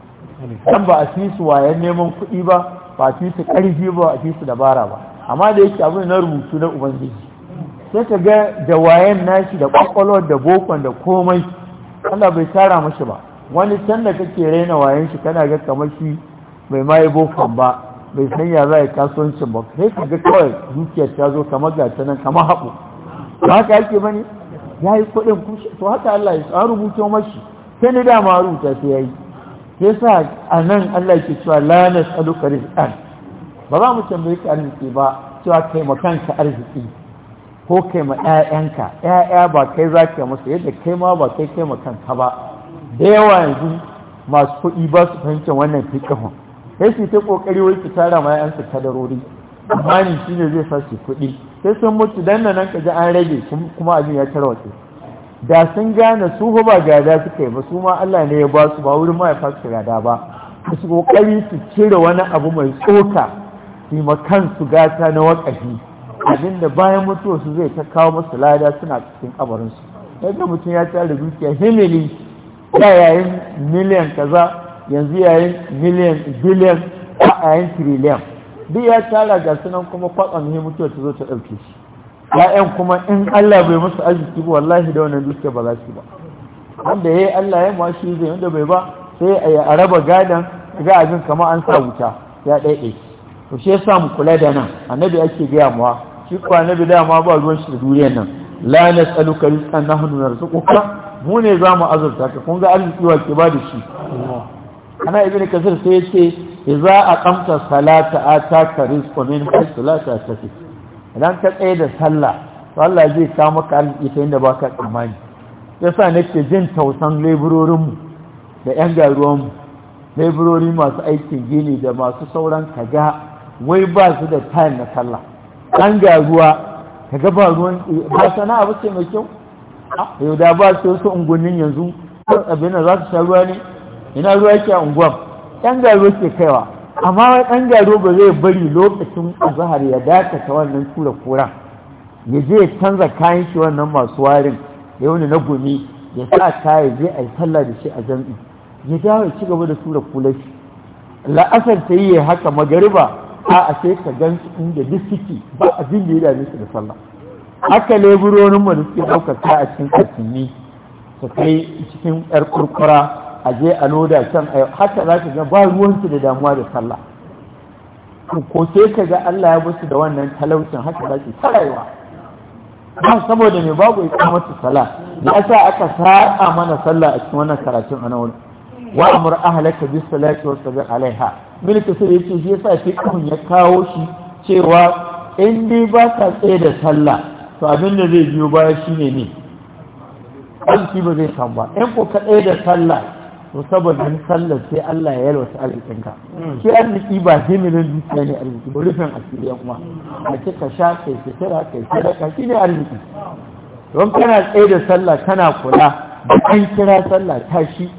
Kan ba a fi su wayan neman kuɗi ba ba a fi ƙarfi ba a fi dabara ba amma da yake abin na rubutu na ubangiji sai ta ga da wayan nashi da kwakwalwar da bokon da komai Allah bai tara mashi ba wani can da kake raina wayan shi kana ga kamar shi bai ma bokon ba bai san ya za a yi kasuwancin ba sai ka ga kawai dukiyar ta zo kamar ga ta nan kamar haɓu ba haka yake ba ne ya yi kuɗin kushe to haka Allah ya tsara rubuto mashi sai ni da dama rubuta sai ya yi ya sa a nan Allah ke cewa lanas alukarin ɗan, ba za mu tambaye ka arziki ba cewa taimakanka arziki ko kai ma ƴaƴanka ƴaƴa ba kai za ka musu yadda kai ma ba kai kai ma kanka ba da yawa yanzu masu kuɗi ba su fahimci wannan fiƙihun sai su ta ƙoƙari wai ki tara ma ƴaƴansu kadarori amma ni shine zai sa su kuɗi sai sun mutu dan nan ka ji an rage kuma abin ya tarwace da sun gane su ba gada suka yi ba su ma Allah ne ya ba su ba wurin fa su gada ba su ƙoƙari su cire wani abu mai tsoka su ma kansu gata na wakafi abinda bayan mutuwa su zai ta kawo masu lada suna cikin kabarinsu Yadda mutum ya da dukiya himili ya yayin miliyan kaza yanzu yayin miliyan biliyan a yayin triliyan duk ya da ga sunan kuma kwatsan ne mutuwa ta zo ta ɗauke shi ya'yan kuma in Allah bai musu arziki ba wallahi da wannan dukiya ba za su ba wanda yi Allah ya ma shi zai wanda bai ba sai a raba gadan ga abin kamar an sa wuta ya ɗaiɗe to shi sa mu kula da nan annabi ake gaya mawa shi na bi dama ba ruwan shi da duniyar nan la nas'aluka rizqan nahnu narzuquka mu ne za mu azurta ka kun ga arziki wa ke ba da shi ana ibn kasir sai yace idza aqamta salata ataka rizqu min salata tafi idan ka tsaye da sallah to Allah zai ka maka arziki ta inda baka tsammani yasa nake jin tausan leburorin mu da yan garuwan mu leburori masu aikin gini da masu sauran kaga wai ba su da time na sallah an ga ruwa ka ga ba ba sana abu ce mai kyau yau da ba su wasu unguwannin yanzu abin da za su sha ruwa ne ina ruwa yake a unguwan ɗan garo ke kaiwa amma ɗan garo ba zai bari lokacin azahar ya dakata wannan tura kura ya je ya canza kayan shi wannan masu warin Yau wani na gumi ya sa kaya je a yi sallah da shi a jam'i ya dawo ya ci gaba da tura kulashi? shi la'asar ta yi haka magariba a a sai ka gan su inda duk suke ba abin da ya dame su da sallah haka leburorin mu da suke ɗaukar ta a cikin kasini su kai cikin ƴar kurkura a je a loda can a haka za ka ga ba ruwansu da damuwa da sallah ko sai ka ga Allah ya basu da wannan talaucin haka za ki tarayewa ba saboda mai babu ya kamata sallah ya sa aka sa'a mana sallah a cikin wannan karatun a nan wa amur ahlaka bis salati wa sabir alaiha min kasir yace shi yasa fiqhun ya kawo shi cewa in dai ba ka tsaye da sallah to abin da zai biyo baya shine ne alki ba zai samu ba in ko ka tsaye da sallah to saboda ni sallar sai Allah ya yi arzikin ka shi arziki ba himinin dukiya ne arziki ba rufin asiri kuma a ka sha kai fitira kai sadaka shi ne arziki don kana tsaye da sallah kana kula da an kira sallah tashi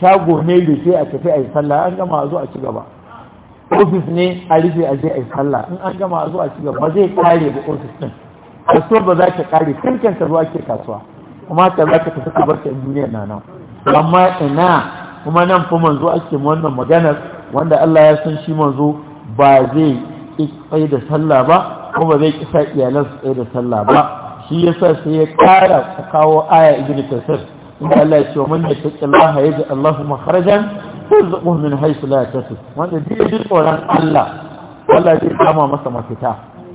shago ne sai a tafi a yi sallah an gama a zo a ci gaba ofis ne a rufe a je a yi sallah in an gama a zo a ci gaba zai kare da ofis din kasuwar ba za ta kare kankan ta zuwa ke kasuwa kuma ta za ta tafi kabar ta duniya na nan amma ina kuma nan fa manzo ake wannan maganar wanda Allah ya san shi manzo ba zai tsaye da sallah ba kuma zai kisa iyalansa tsaye da sallah ba shi yasa sai ya kara kawo aya ibnu kasir Allah ya ce wa man ji Allah yaji Allahu makharajan yarzuquhu min haythu la yahtasib wanda duk duk tsoron Allah Allah zai kama masa mafita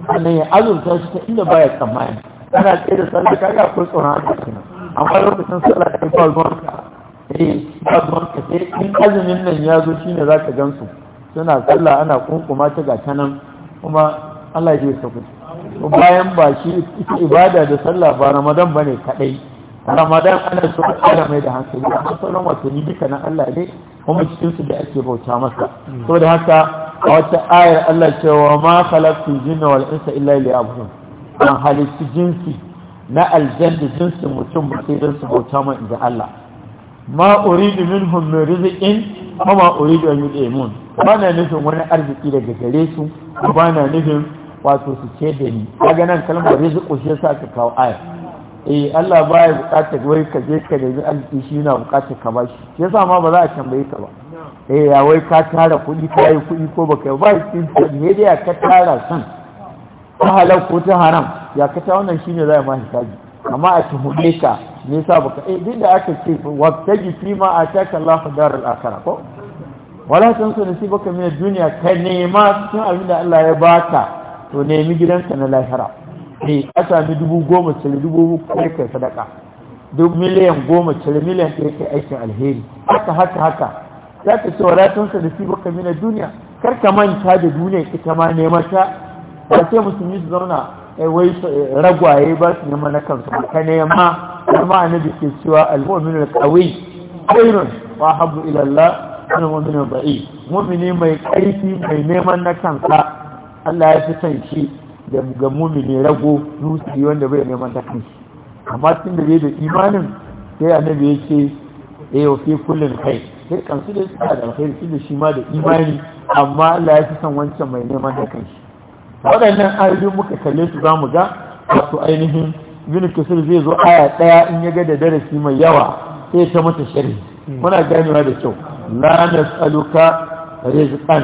sannan ya azurta shi ta inda baya tsammani ana tsaye da sallah kaga akwai tsoron Allah kenan amma lokacin sallah kai ba ruwanka eh ba ruwanka sai in azumin nan ya zo shine zaka gansu suna sallah ana kunkuma ta ga tanan kuma Allah ya sauke bayan ba shi ita ibada da sallah ba Ramadan bane kaɗai. ramadan ana so a tsara mai da hankali amma sauran watanni duka na Allah ne kuma cikin su da ake bauta masa So da haka a wata ayar Allah cewa ma khalaqtul jinna wal insa illa liya'budun an halitta jinsi na aljanna jinsin mutum ba sai don su bauta ma inda Allah ma uridu minhum min rizqin kuma uridu an ba na nufin wani arziki daga gare su ba na nufin wato su ce da ni kaga nan kalmar rizqu shi yasa ka kawo ayar eh Allah baya bukatar wai ka je ka nemi arziki shi na bukatar ka bashi yasa ma ba za a tambaye ka ba eh ya wai ka tara kuɗi ka yi kuɗi ko baka yi ba shi ne da ya ka tara san ta halal ko ta haram ya ka ta wannan shine za a ma hisabi amma a hude ka me yasa baka eh duk da aka ce wabtaji fi ma ataka Allahu daral akhirah ko wala tansu baka min ad ka nema cikin abin da Allah ya baka to nemi gidanka na lahira ne eh, a sami dubu goma cire dubu kai kai sadaka duk miliyan goma cire miliyan ɗaya kai aikin alheri haka haka haka za ka ce wadatunsa da fi baka mina duniya kar ka manta da duniya ita ma ne ta ba sai musulmi su zauna eh, wai eh, ragwaye ba su nema na kansu ka nema kuma annabi ke cewa al-mu'minu al-qawi khairun wa habbu ila Allah ba'i mummini mai ƙarfi mai neman na kansa Allah ya fi son shi ga mumini rago nusi wanda bai neman ta amma tun da da imanin sai annabi ya ce ya eh, yau fi kullin kai sai kansu da suka da alkhairi tun da shi ma da imani amma Allah ya fi son wancan mai neman ta waɗannan ayoyi muka kalle su mu ga wato ainihin ibn kasir zai zo aya ɗaya in ya ga da darasi mai yawa sai ta mata sharhi muna ganewa da kyau la nas'aluka na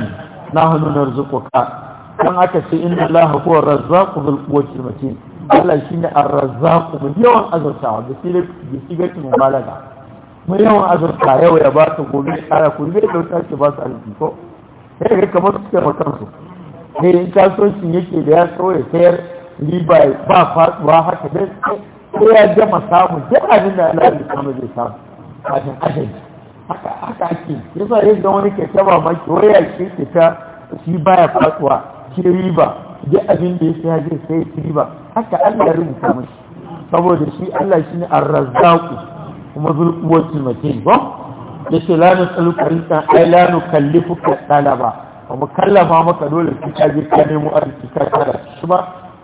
nahnu narzuquka dan aka ce inna allaha huwa razzaqu bil quwwati matin Allah shine ar-razzaqu bil yawan azurtawa da sirri da sigati balaga. mu yawan azurta yau ya ba ta gobe kara ku ne da ta ba su arziki ko sai ga kamar su ke su. ne in kasuwancin yake da ya so ya sayar riba ba faɗuwa haka dai ko ya jama samu duk abin da Allah ya kama zai samu kafin ajali haka haka ake yasa yadda wani ke ta mamaki waya ke ta shi baya faɗuwa ki riba duk abin da ya saya zai sai ci riba haka Allah ya rubuta mashi saboda shi Allah shine ar-razzaqu kuma zulquwati matin ba yace la nas'aluka rizqan ay la nukallifuka talaba ba mu kallama maka dole ki ka je ka nemo arziki ka kada shi ba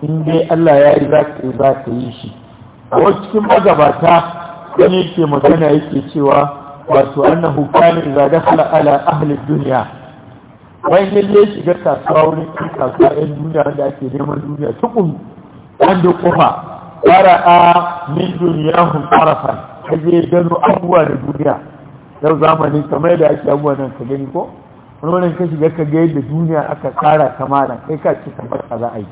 in dai Allah ya yi zaka za ka yi shi a cikin magabata wani yake magana yake cewa wato annahu kana idza dakhala ala ahli dunya wani ya shiga kasuwa wurin kan kasuwa yan duniya wanda ake neman duniya tukun wanda kofa fara a min duniya hun farafan ta je gano abubuwa da duniya yau zamani kamar yadda ake abubuwa nan ka gani ko wani ka shiga ka ga yadda duniya aka tsara kamala kai ka ce kamar ka za a yi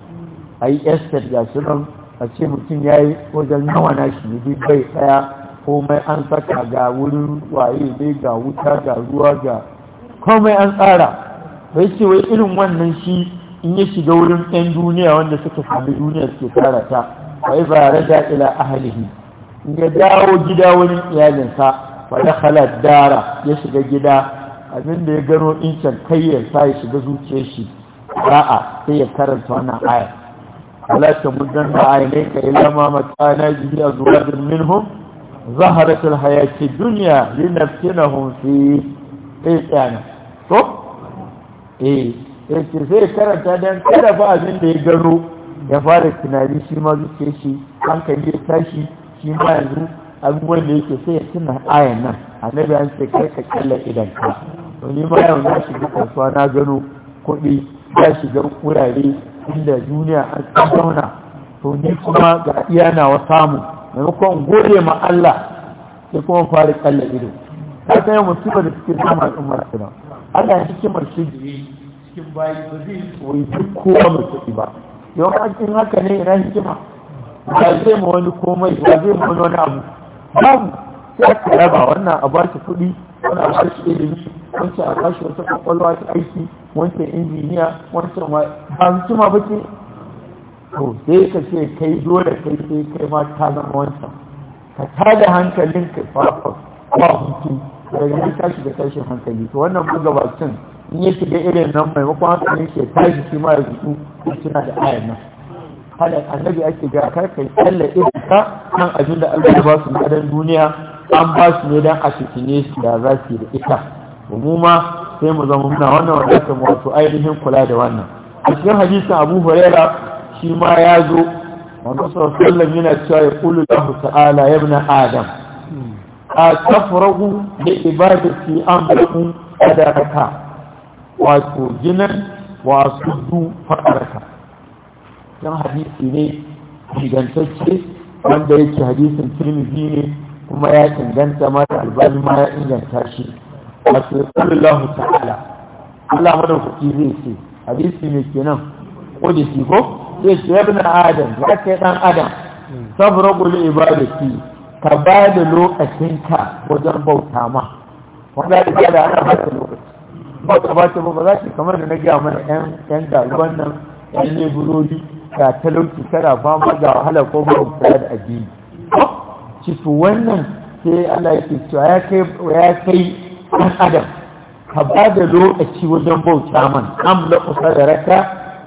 a yi estate ga shi nan a ce mutum ya yi wajen nawa na shi ne bai tsaya komai an saka ga wurin waye ne ga wuta ga ruwa ga komai an tsara bai ce wai irin wannan shi in ya shiga wurin 'yan duniya wanda suka sami duniya suke tara ta wai ba raja ila ahalihi in ya dawo gida wani iyalinsa wa dakhala dara ya shiga gida abin da ya gano incan kai ya sa ya shiga zuciyar shi ra'a sai ya karanta wannan ayar ولا تمدن عينيك إلى zuwa متعنا minhum أزواج hayaki duniya الحياة fi لنفتنهم فيه إيه يعني so? eh yace zai karanta dan kada ba abin da ya gano ya fara tunani shi ma zuke shi hankali ya tashi shi ma yanzu abubuwan da yake sai ya tuna ayan nan annabi an ce kai ka kalla idan ka to ni ma yau na shiga kasuwa na gano kuɗi ya shiga wurare inda duniya an zauna to ni kuma ga iya nawa samu maimakon gode ma Allah sai kuma fara kalla ido ka sai musibar da suke sama al'ummar idan Allah hikimar shi da yi cikin bayi ba zai koyi duk kowa mai kuɗi ba yau cikin haka ne ina hikima ba zai ma wani komai ba zai ma wani abu babu sai aka raba wannan a bashi kuɗi wannan a bashi ilimi wancan a bashi wata kwakwalwa ta aiki wancan injiniya wancan ma ba hikima ba ce to sai ka ce kai dole kai sai kai ma ta zama wancan ka tada hankalin ka ba ba hutu daga tashi da tashin hankali to wannan buga bakin in ya shiga irin nan maimakon hankali ke tashi shi ma ya zuku suna da ayan nan hada annabi ake ga kai kai irin ka kan abin da Allah ya ba su na duniya an ba su ne dan a fitine su da za su da ita mu ma sai mu zama muna wannan wadatar mu wato ainihin kula da wannan a cikin hadisin Abu Huraira shi ma ya zo wanda sallallahu alaihi wasallam yana cewa ya qulu lahu ta'ala ya ibn adam a tafrahu da ibadati amrun adaraka wato jinan wasu du fadaraka dan hadisi ne gigantacce wanda yake hadisin tirmidhi ne kuma ya inganta ma da albani ma ya inganta shi wato sallallahu ta'ala Allah madaukaki zai ce hadisi ne kenan kodisi ko zai ce ya adam ya kai dan adam sabraqul ibadati ka ba da lokacinka wajen bauta ma wanda da da ana ba ta lokaci ba ta ba ta ba za ta kamar da na gaya mana yan yan galiban nan yan ne burodi ga talauci tara ba ma ga wahala ko ba kula da addini ci wannan sai Allah yake to ya kai ya kai ɗan adam ka ba da lokaci wajen bauta man am la usadaraka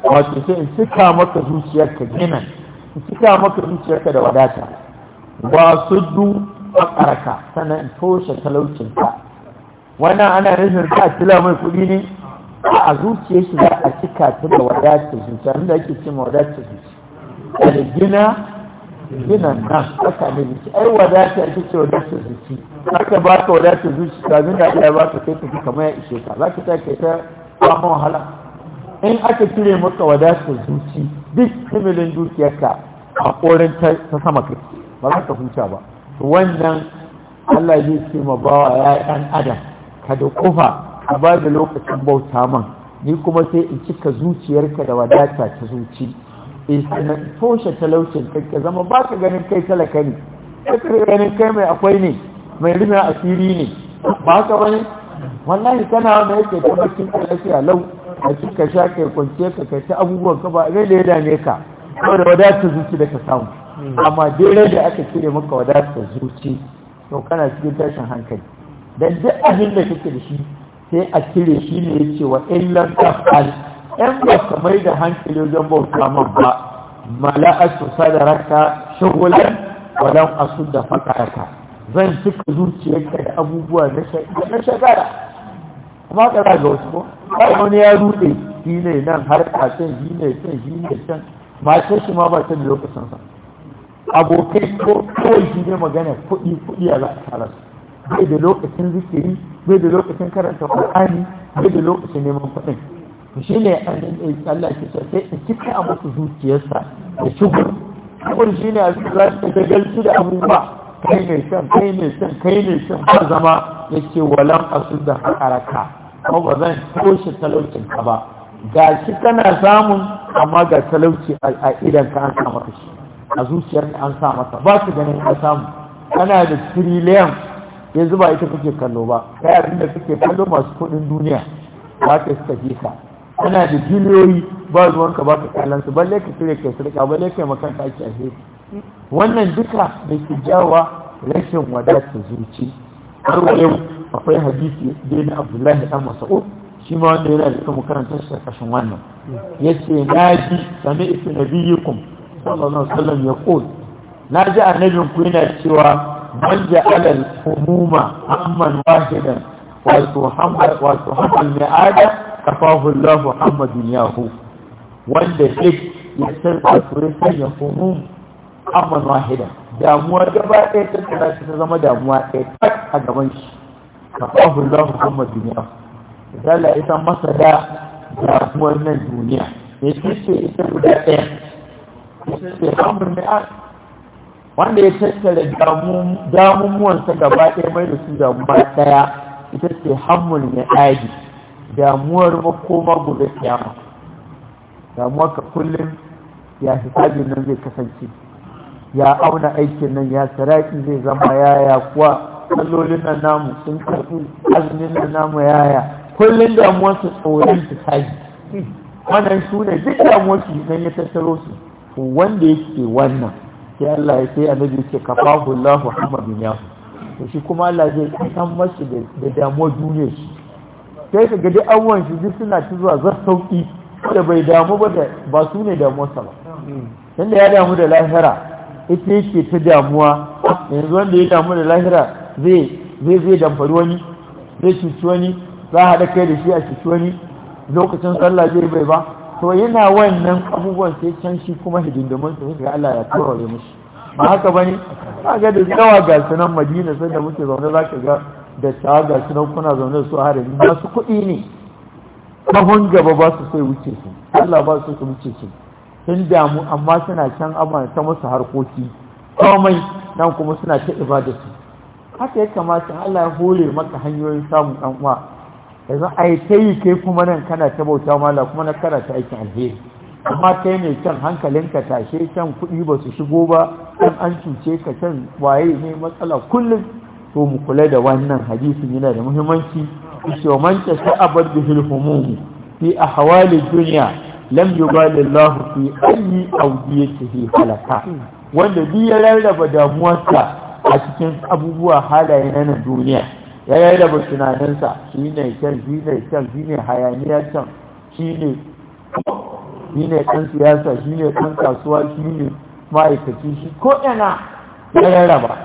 wato sai in cika maka zuciyarka gina in cika maka zuciyarka da wadata ba su du ƙarƙa sannan toshe talaucinka wannan ana rashin ka tila mai kuɗi ne a zuciya shi za a cika ta da wadatar zuciya inda ake ce ma wadatar zuciya da gina gina nan ƙasa ne zuci ai wadatar ake ce wadatar zuci haka ba ka wadatar zuci kamin da iya ba ka sai ka fi kamar ya ishe ka za ka ta kai ta kama wahala in aka cire maka wadatar zuci duk himilin dukiyarka a korin ta sama kai. ba za ka huta ba wannan Allah zai ce ma bawa wa ɗan adam ka da kufa ka ba da lokacin bauta man ni kuma sai in cika zuciyarka da wadata ta zuci eh, in toshe talaucin kake zama ba ka ganin kai talaka ne ka ganin kai mai akwai ne mai rina asiri ne ba ka wani wallahi kana wanda yake ta bakin a lau a cika sha kai kwanciyar ka kai ta abubuwan ka ba zai da ya dame ka da wadatar zuci da ka samu amma dole da aka cire maka wadatar zuci to kana cikin tashin hankali dan duk abin da kake da shi sai a cire shi ne yace wa illan tafal in ba ka mai da hankali wajen bauta ma ba mala'atu sadaraka shughlan wa lam asudda fakaraka zan cika zuciyarka da abubuwa na shagara amma ka za ga wasu ko wani ya rude shi ne nan har kacin shi ne can shi ne can matar shi ma ba ta da lokacinsa abokai ko kawai shi ne magana kuɗi kuɗi a za bai da lokacin zikiri bai da lokacin karanta ƙwarani bai da lokacin neman kuɗin shi ne Allah ke sa sai in cika a musu zuciyarsa da shigo kawai shi ne a za su dagalci da abubuwa kai ne san kai ne san kai ne san ba zama ya ce walan su da haƙaraka? kuma ba zan toshe talaucin ka ba ga shi kana samun amma ga talauci a idan ka an kama shi a zuciyar an sa masa ba su ganin ka samu kana da trillion yanzu ba ita kake kallo ba kai abin da kake kallo masu kuɗin duniya ba ta tafi ka kana da biliyoyi ba ka ba ka kallon su balle ka cire kai sirka balle makan ka ake alheri wannan duka da ke jawa rashin wadatar zuci har wa yau akwai hadisi da na abdullahi dan mas'ud shi ma wanda yana da kuma karanta shi kashin wannan yace na ji sami nabiyyikum sallallahu alaihi wasallam ya qul na ji annabin ku yana cewa man ja'ala al-humuma amman wahidan wato hamad wato hamad mi'ada kafahu Allah Muhammad yahu wanda shi ya san sai ya sanya humum amman wahidan damuwa gaba ɗaya ta tsara ta zama damuwa ɗaya tak a gaban shi kafahu Allah Muhammad yahu Allah isa san masa da damuwar nan duniya ya ce ita guda ɗaya wanda ya tattara damummuwansa gaba ɗaya mai da su damuwa ɗaya ita ce hamul mai aji. damuwar makoma gobe kiyama damuwar ka kullum ya hisabin nan zai kasance ya auna aikin nan ya saraki zai zama yaya kuwa kallolin nan namu sun karfi azumin nan namu yaya kullum damuwarsa tsoron hisabi wannan su ne duk damuwarsu nan ya tattaro su wanda yake wannan sai Allah ya sai annabi ce kafahu Allahu hamma dunyahu to shi kuma Allah zai san masa da damuwar duniya shi sai ka ga dai awon shi duk suna ci zuwa zar sauki da bai damu ba da ba su ne sa ba tunda ya damu da lahira ita yake ta damuwa yanzu wanda ya damu da lahira zai zai zai damfari wani zai cuci wani za a haɗa kai da shi a cuci wani lokacin sallah zai bai ba to yana wannan abubuwan sai can shi kuma hidindamun su ga Allah ya turare mushi ba haka bane ga da yawa ga sunan Madina sai da muke zaune zaka ga da tsawa ga sunan kuna zaune su yanzu ba su kuɗi ne mahon gaba ba su sai wuce su Allah ba su wuce su sun damu amma suna can abin ta musu harkoki komai nan kuma suna ta ibada haka ya kamata Allah ya hore maka hanyoyin samun dan uwa yanzu a yi ta yi ke kuma nan kana ta bauta mala kuma na kana ta aikin alheri amma kai mai can hankalinka tashe can kuɗi ba su shigo ba ɗan an cuce ka can waye ne matsala kullum to mu kula da wannan hadisin yana da muhimmanci cewa man ta a bihil humumi fi ahwali dunya lam yubali Allah fi ayyi awdiyatihi halaka wanda duk ya rarraba damuwarsa a cikin abubuwa halaye na duniya ya yi da tunaninsa shi ne can shi ne can shi ne hayaniyar can shi ne shi ne ɗan siyasa shi ne ɗan kasuwa shi ne ma'aikaci shi ko yana ya rarraba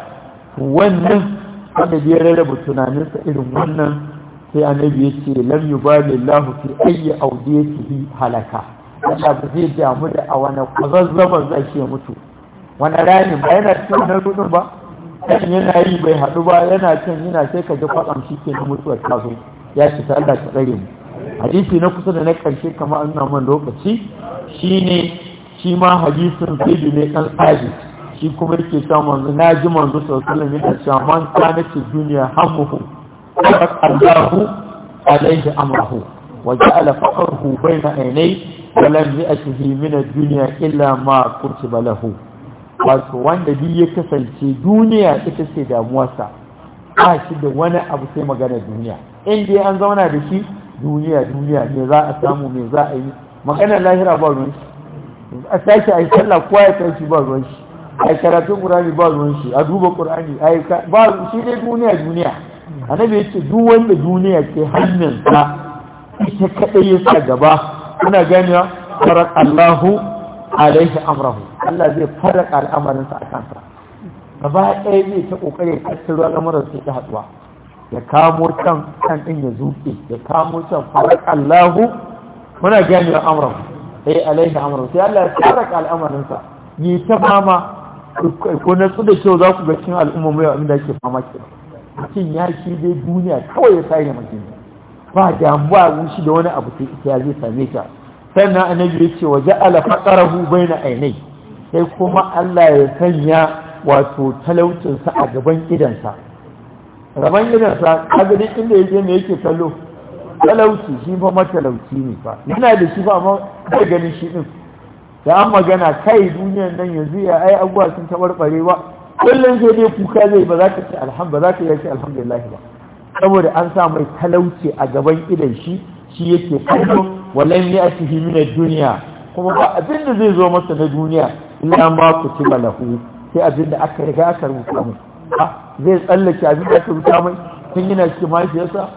wannan wanda ya rarraba tunaninsa irin wannan sai annabi ya ce lam yubali lahu fi ayyi awdiyatihi halaka Allah ba zai damu da a wani kwazazzaban zai mutu wani rani ba yana cikin rudin ba kan yana yi bai haɗu ba yana can yana sai ka ji kwatsam shi ke na mutuwar taso ya ci ta Allah ta tsare mu hadisi na kusa da na ƙarshe kama an man lokaci shine shi ma hadisin sai ne ɗan tsari shi kuma yake samun manzo na ji manzo sallallahu yana cewa man na ci duniya hammuhu wa Allahu alaihi amahu wa ja'ala bai na ainihi, wa lam ya'tihi ci ad duniya illa ma kutiba balahu wato wanda duk ya kasance duniya ita ce damuwarsa ba shi da wani abu sai magana duniya in dai an zauna da shi duniya duniya me za a samu me za a yi magana lahira ba ruwan shi a sake a yi sallah kowa ya tashi ba ruwan shi a yi karatun qur'ani ba ruwan shi a duba qur'ani a yi ba shi dai duniya duniya annabi ya ce duk wanda duniya ke hannunsa ita kadai ya sa gaba kuna ganewa farak Allahu alaihi amrahu Allah zai faraka al'amarinsa a kansa gaba ɗaya zai ta ƙoƙarin tattaro al'amuran su ta haɗuwa ya kamo can kan ɗin ya zuƙe ya kamo can faraka Allahu muna gani al'amuran sai eh, alaihi amuran sai Allah ya faraka al'amarinsa yi ta fama ko na tsu da kyau za ku ga cikin al'umma mai abin da ke fama ke mutum ya shi dai duniya kawai ya sai da mutum ba damuwa wushi da wani abu sai ita zai same ta sannan annabi ya ce wa ja'ala faqarahu baina ainai sai kuma Allah ya sanya wato talaucinsa a gaban idansa gaban idansa gani inda yake ne yake kallo talauci shi fa matalauci ne fa yana da shi fa amma bai ganin shi din da an magana kai duniyar nan yanzu ya ai abubuwa sun tabarbare ba kullum sai dai kuka zai ba za ka ce alhamdu za ka yi alhamdulillah ba saboda an sa mai talauci a gaban idan shi shi yake kallo wallahi ya ci min duniya kuma ba abin da zai zo masa na duniya ina ma ci lahu sai abin da aka riga aka rubuta mai zai tsallake abin da aka rubuta mai tun yana shi yasa?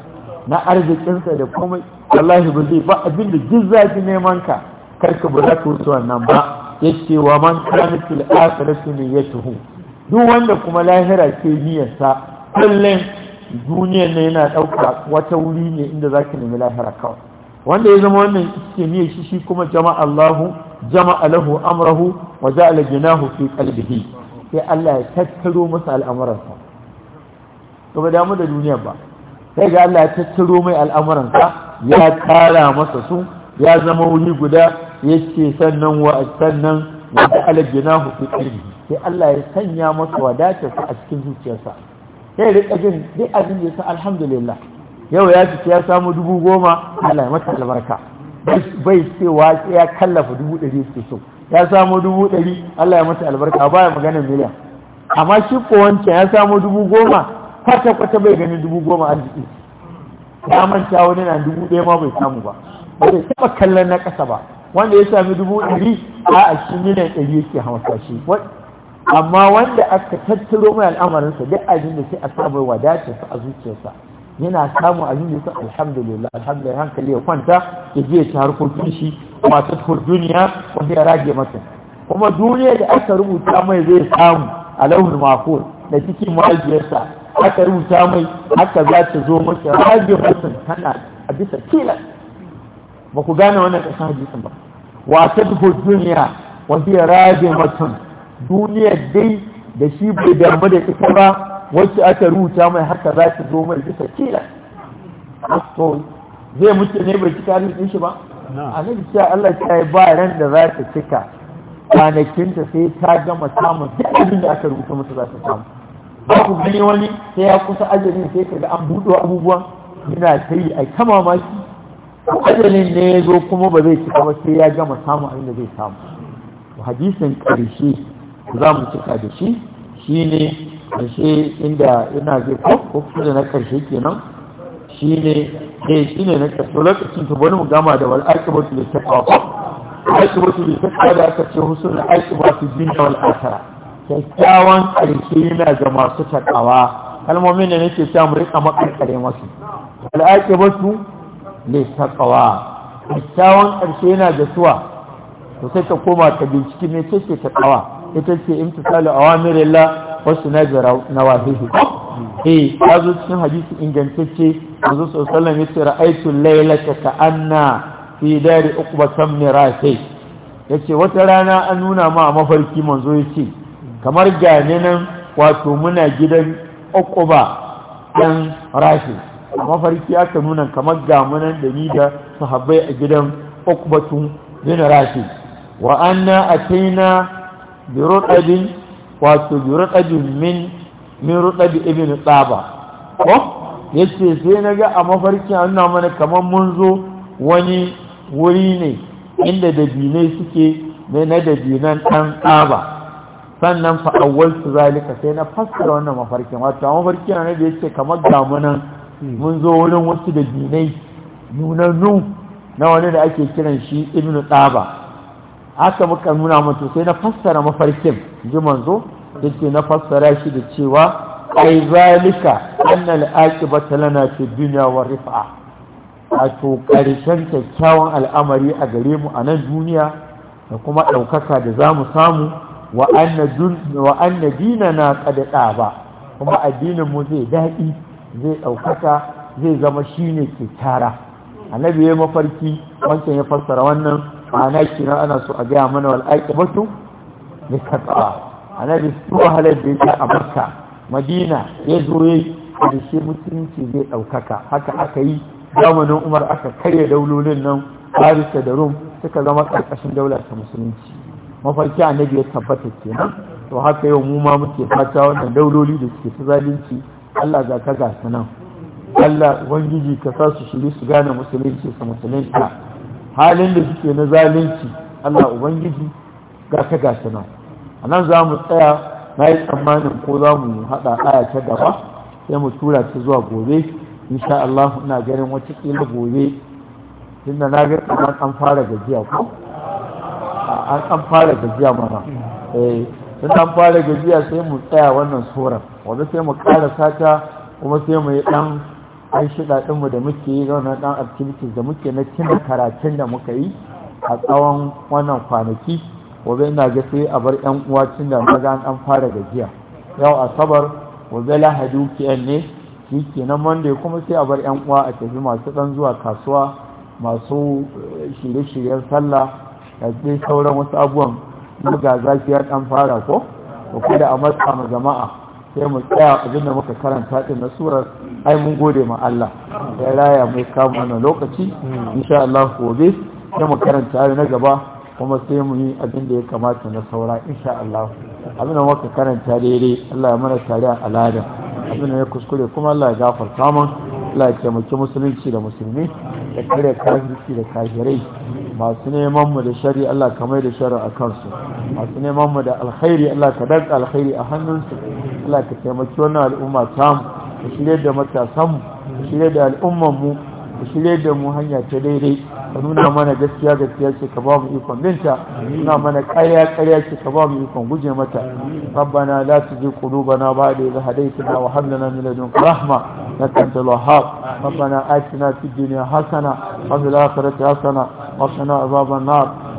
na arzikinsa da komai wallahi ba zai ba abin da jin zafi neman ka karka ba za ka wuce wannan ba ce wa man kana fil akhirati niyyatuhu duk wanda kuma lahira ke niyyarsa kullum duniyar ne yana ɗauka wata wuri ne inda zaki nemi lahira kawai wanda ya zama wannan istimiyya shi shi kuma jama'a Allahu jama'a lahu amrahu wa ja'ala jinahu fi qalbihi sai Allah ya tattaro masa al'amuransa to ba damu da duniya ba sai ga Allah ya tattaro mai al'amuransa ya kara masa su ya zama wuri guda yace sannan wa sannan wa ja'ala jinahu fi qalbihi sai Allah ya sanya masa wadatarsa a cikin zuciyarsa sai rika jin duk abin da ya sa alhamdulillah yau ya ce ya samu dubu goma Allah ya masa albarka bai cewa ya kallafa dubu ɗari su so ya samu dubu ɗari Allah ya masa albarka ba ya magana miliyan amma shi ko wancan ya samu dubu goma kwata kwata bai ganin dubu goma arziki ya manta wani na dubu ɗaya ma bai samu ba ba zai taɓa kallon na ƙasa ba wanda ya sami dubu ɗari a a shi miliyan ɗari yake hamsa shi amma wanda aka tattaro mai al'amarinsa duk abin da sai a samu wadatarsa a zuciyarsa yana samu abin da yasa alhamdulillah alhamdulillah hankali ya kwanta ya je ta harkokin shi masu tur duniya wanda ya rage masa kuma duniya da aka rubuta mai zai samu a launin makon da cikin mahaifiyarsa aka rubuta mai haka za ta zo masa rage masa tana a bisa kila ba ku gane wannan ƙasar hadisin ba Wasu dubu duniya wanda ya rage masa duniya dai da shi bai damu da ita ba wacce aka rubuta mai haka za ta zo mai bisa kila zai mutu ne bai cika arzikin shi ba a nan cewa Allah ta yi ba ran da za ta cika kwanakinta sai ta gama samun duk abin da aka rubuta masu za ta samu ba ku gani wani sai ya kusa ajalin sai ka ga an buɗe abubuwan yana ta yi a kama mamaki ajalin ne ya zo kuma ba zai cika ba sai ya gama samun abin da zai samu hadisin ƙarshe za mu cika da shi shine ashe inda ina ji ko da na karshe kenan shine eh shine na karshe lokacin to bari mu gama da wal aqibatu lit taqwa aqibatu lit taqwa da aka ce husnul aqibatu dunya wal akhirah kyakkyawan karshe yana ga masu takawa kalmomin da nake cewa mu rika makarkare masu wal aqibatu lit taqwa kyakkyawan karshe yana ga suwa to sai ka koma ka binciki me ce takawa ita ce imtisalu awamirillah wasu na jira na wahihi he eh, ya zo cikin hadisi ingantacce manzo sallallahu ya ce ra'aitu ra'aytu laylata ka'anna fi dari uqba sai rafi ce wata rana an nuna ma mafarki manzo ce. kamar gane nan wato muna gidan uku ba dan rafi mafarki aka nuna kamar gamunan da ni da sahabbai a gidan uku ba tun yana rafi wa anna ataina bi rudabin wato yurqadu min min ruqad ibn tsaba ko yace sai na ga a mafarkin annuna mana kamar mun zo wani wuri ne inda dabinai suke ne na dabinan ɗan tsaba sannan fa awwaltu zalika sai na fassara wannan mafarkin wato mafarkin ne da yace kamar gamunan mun zo wurin wasu dabinai nunannu na wani da ake kiran shi ibnu tsaba aka muka nuna mutu sai na fassara mafarkin ji manzo yake na fassara shi da cewa ai zalika annal aqibata lana fi dunya wa rif'a to karshen kyakkyawan al'amari a gare mu a nan duniya da kuma ɗaukaka da zamu samu wa anna dinana kada ba kuma addinin mu zai daɗi zai ɗaukaka zai zama shine ke tara annabi ya mafarki wancan ya fassara wannan ma'ana shi na ana so a gaya mana wal aqibatu li taqwa da su halar da ya a makka madina ya zo ya da shi mutunci zai daukaka haka aka yi zamanin umar aka karya daulolin nan farisa da rum suka zama ƙarƙashin daular ta musulunci mafarki annabi ya tabbata nan to haka yau mu ma muke fata wannan dauloli da suke ta zalunci Allah za ka gasa nan Allah ubangiji ka sa su shiri su gane musulunci su musulunta halin da suke na zalunci Allah ubangiji ga ka gasa nan a nan za mu tsaya na yi tsammanin ko za mu haɗa aya ta gaba sai mu tura ta zuwa gobe insha Allah ina ganin wata ƙila gobe tunda na ga kamar an fara gajiya ko an fara gajiya mana eh tun an fara gajiya sai mu tsaya wannan sura wanda sai mu ƙara sata kuma sai mu yi ɗan an shiɗa ɗinmu da muke yi ɗan activities da muke na tuna karatun da muka yi a tsawon wannan kwanaki gobe ina ga sai a bar 'yan uwa tunda da maza an fara gajiya yau asabar gobe lahadi kiyan ne shi kenan monday kuma sai a bar 'yan uwa a tafi masu ɗan zuwa kasuwa masu eh, shirye-shiryen sallah da sauran wasu abubuwan buga ɗan fara ko ko da a matsa jama'a sai mu tsaya abinda muka karanta ɗin na surar ai mun gode ma Allah ya raya mai kama wannan lokaci insha Allah gobe sai mu karanta ne na gaba kuma sai mu yi abinda ya kamata na saura insha Allah abinda muka karanta daidai Allah ya mana tare a alada abinda ya kuskure kuma Allah ya gafarta mu Allah ya taimaki musulunci da musulmi da kare kafirci da kafirai masu neman mu da shari'a Allah kamar da shari'a a kansu masu neman mu da alkhairi Allah ka danka alkhairi a hannunsu Allah ka taimaki wannan al'umma samu ka shirya da matasan mu ka shirye da al'umman mu ka shirya da mu hanya ta daidai ka nuna mana gaskiya gaskiya ce ka ba mu ikon binta nuna mana ƙarya ƙarya ce ka ba mu ikon guje mata rabbana la tuzigh qulubana ba'da idh hadaytana wa hab lana min ladunka rahma innaka antal wahhab rabbana atina fid dunya hasana wa fil akhirati hasana wa qina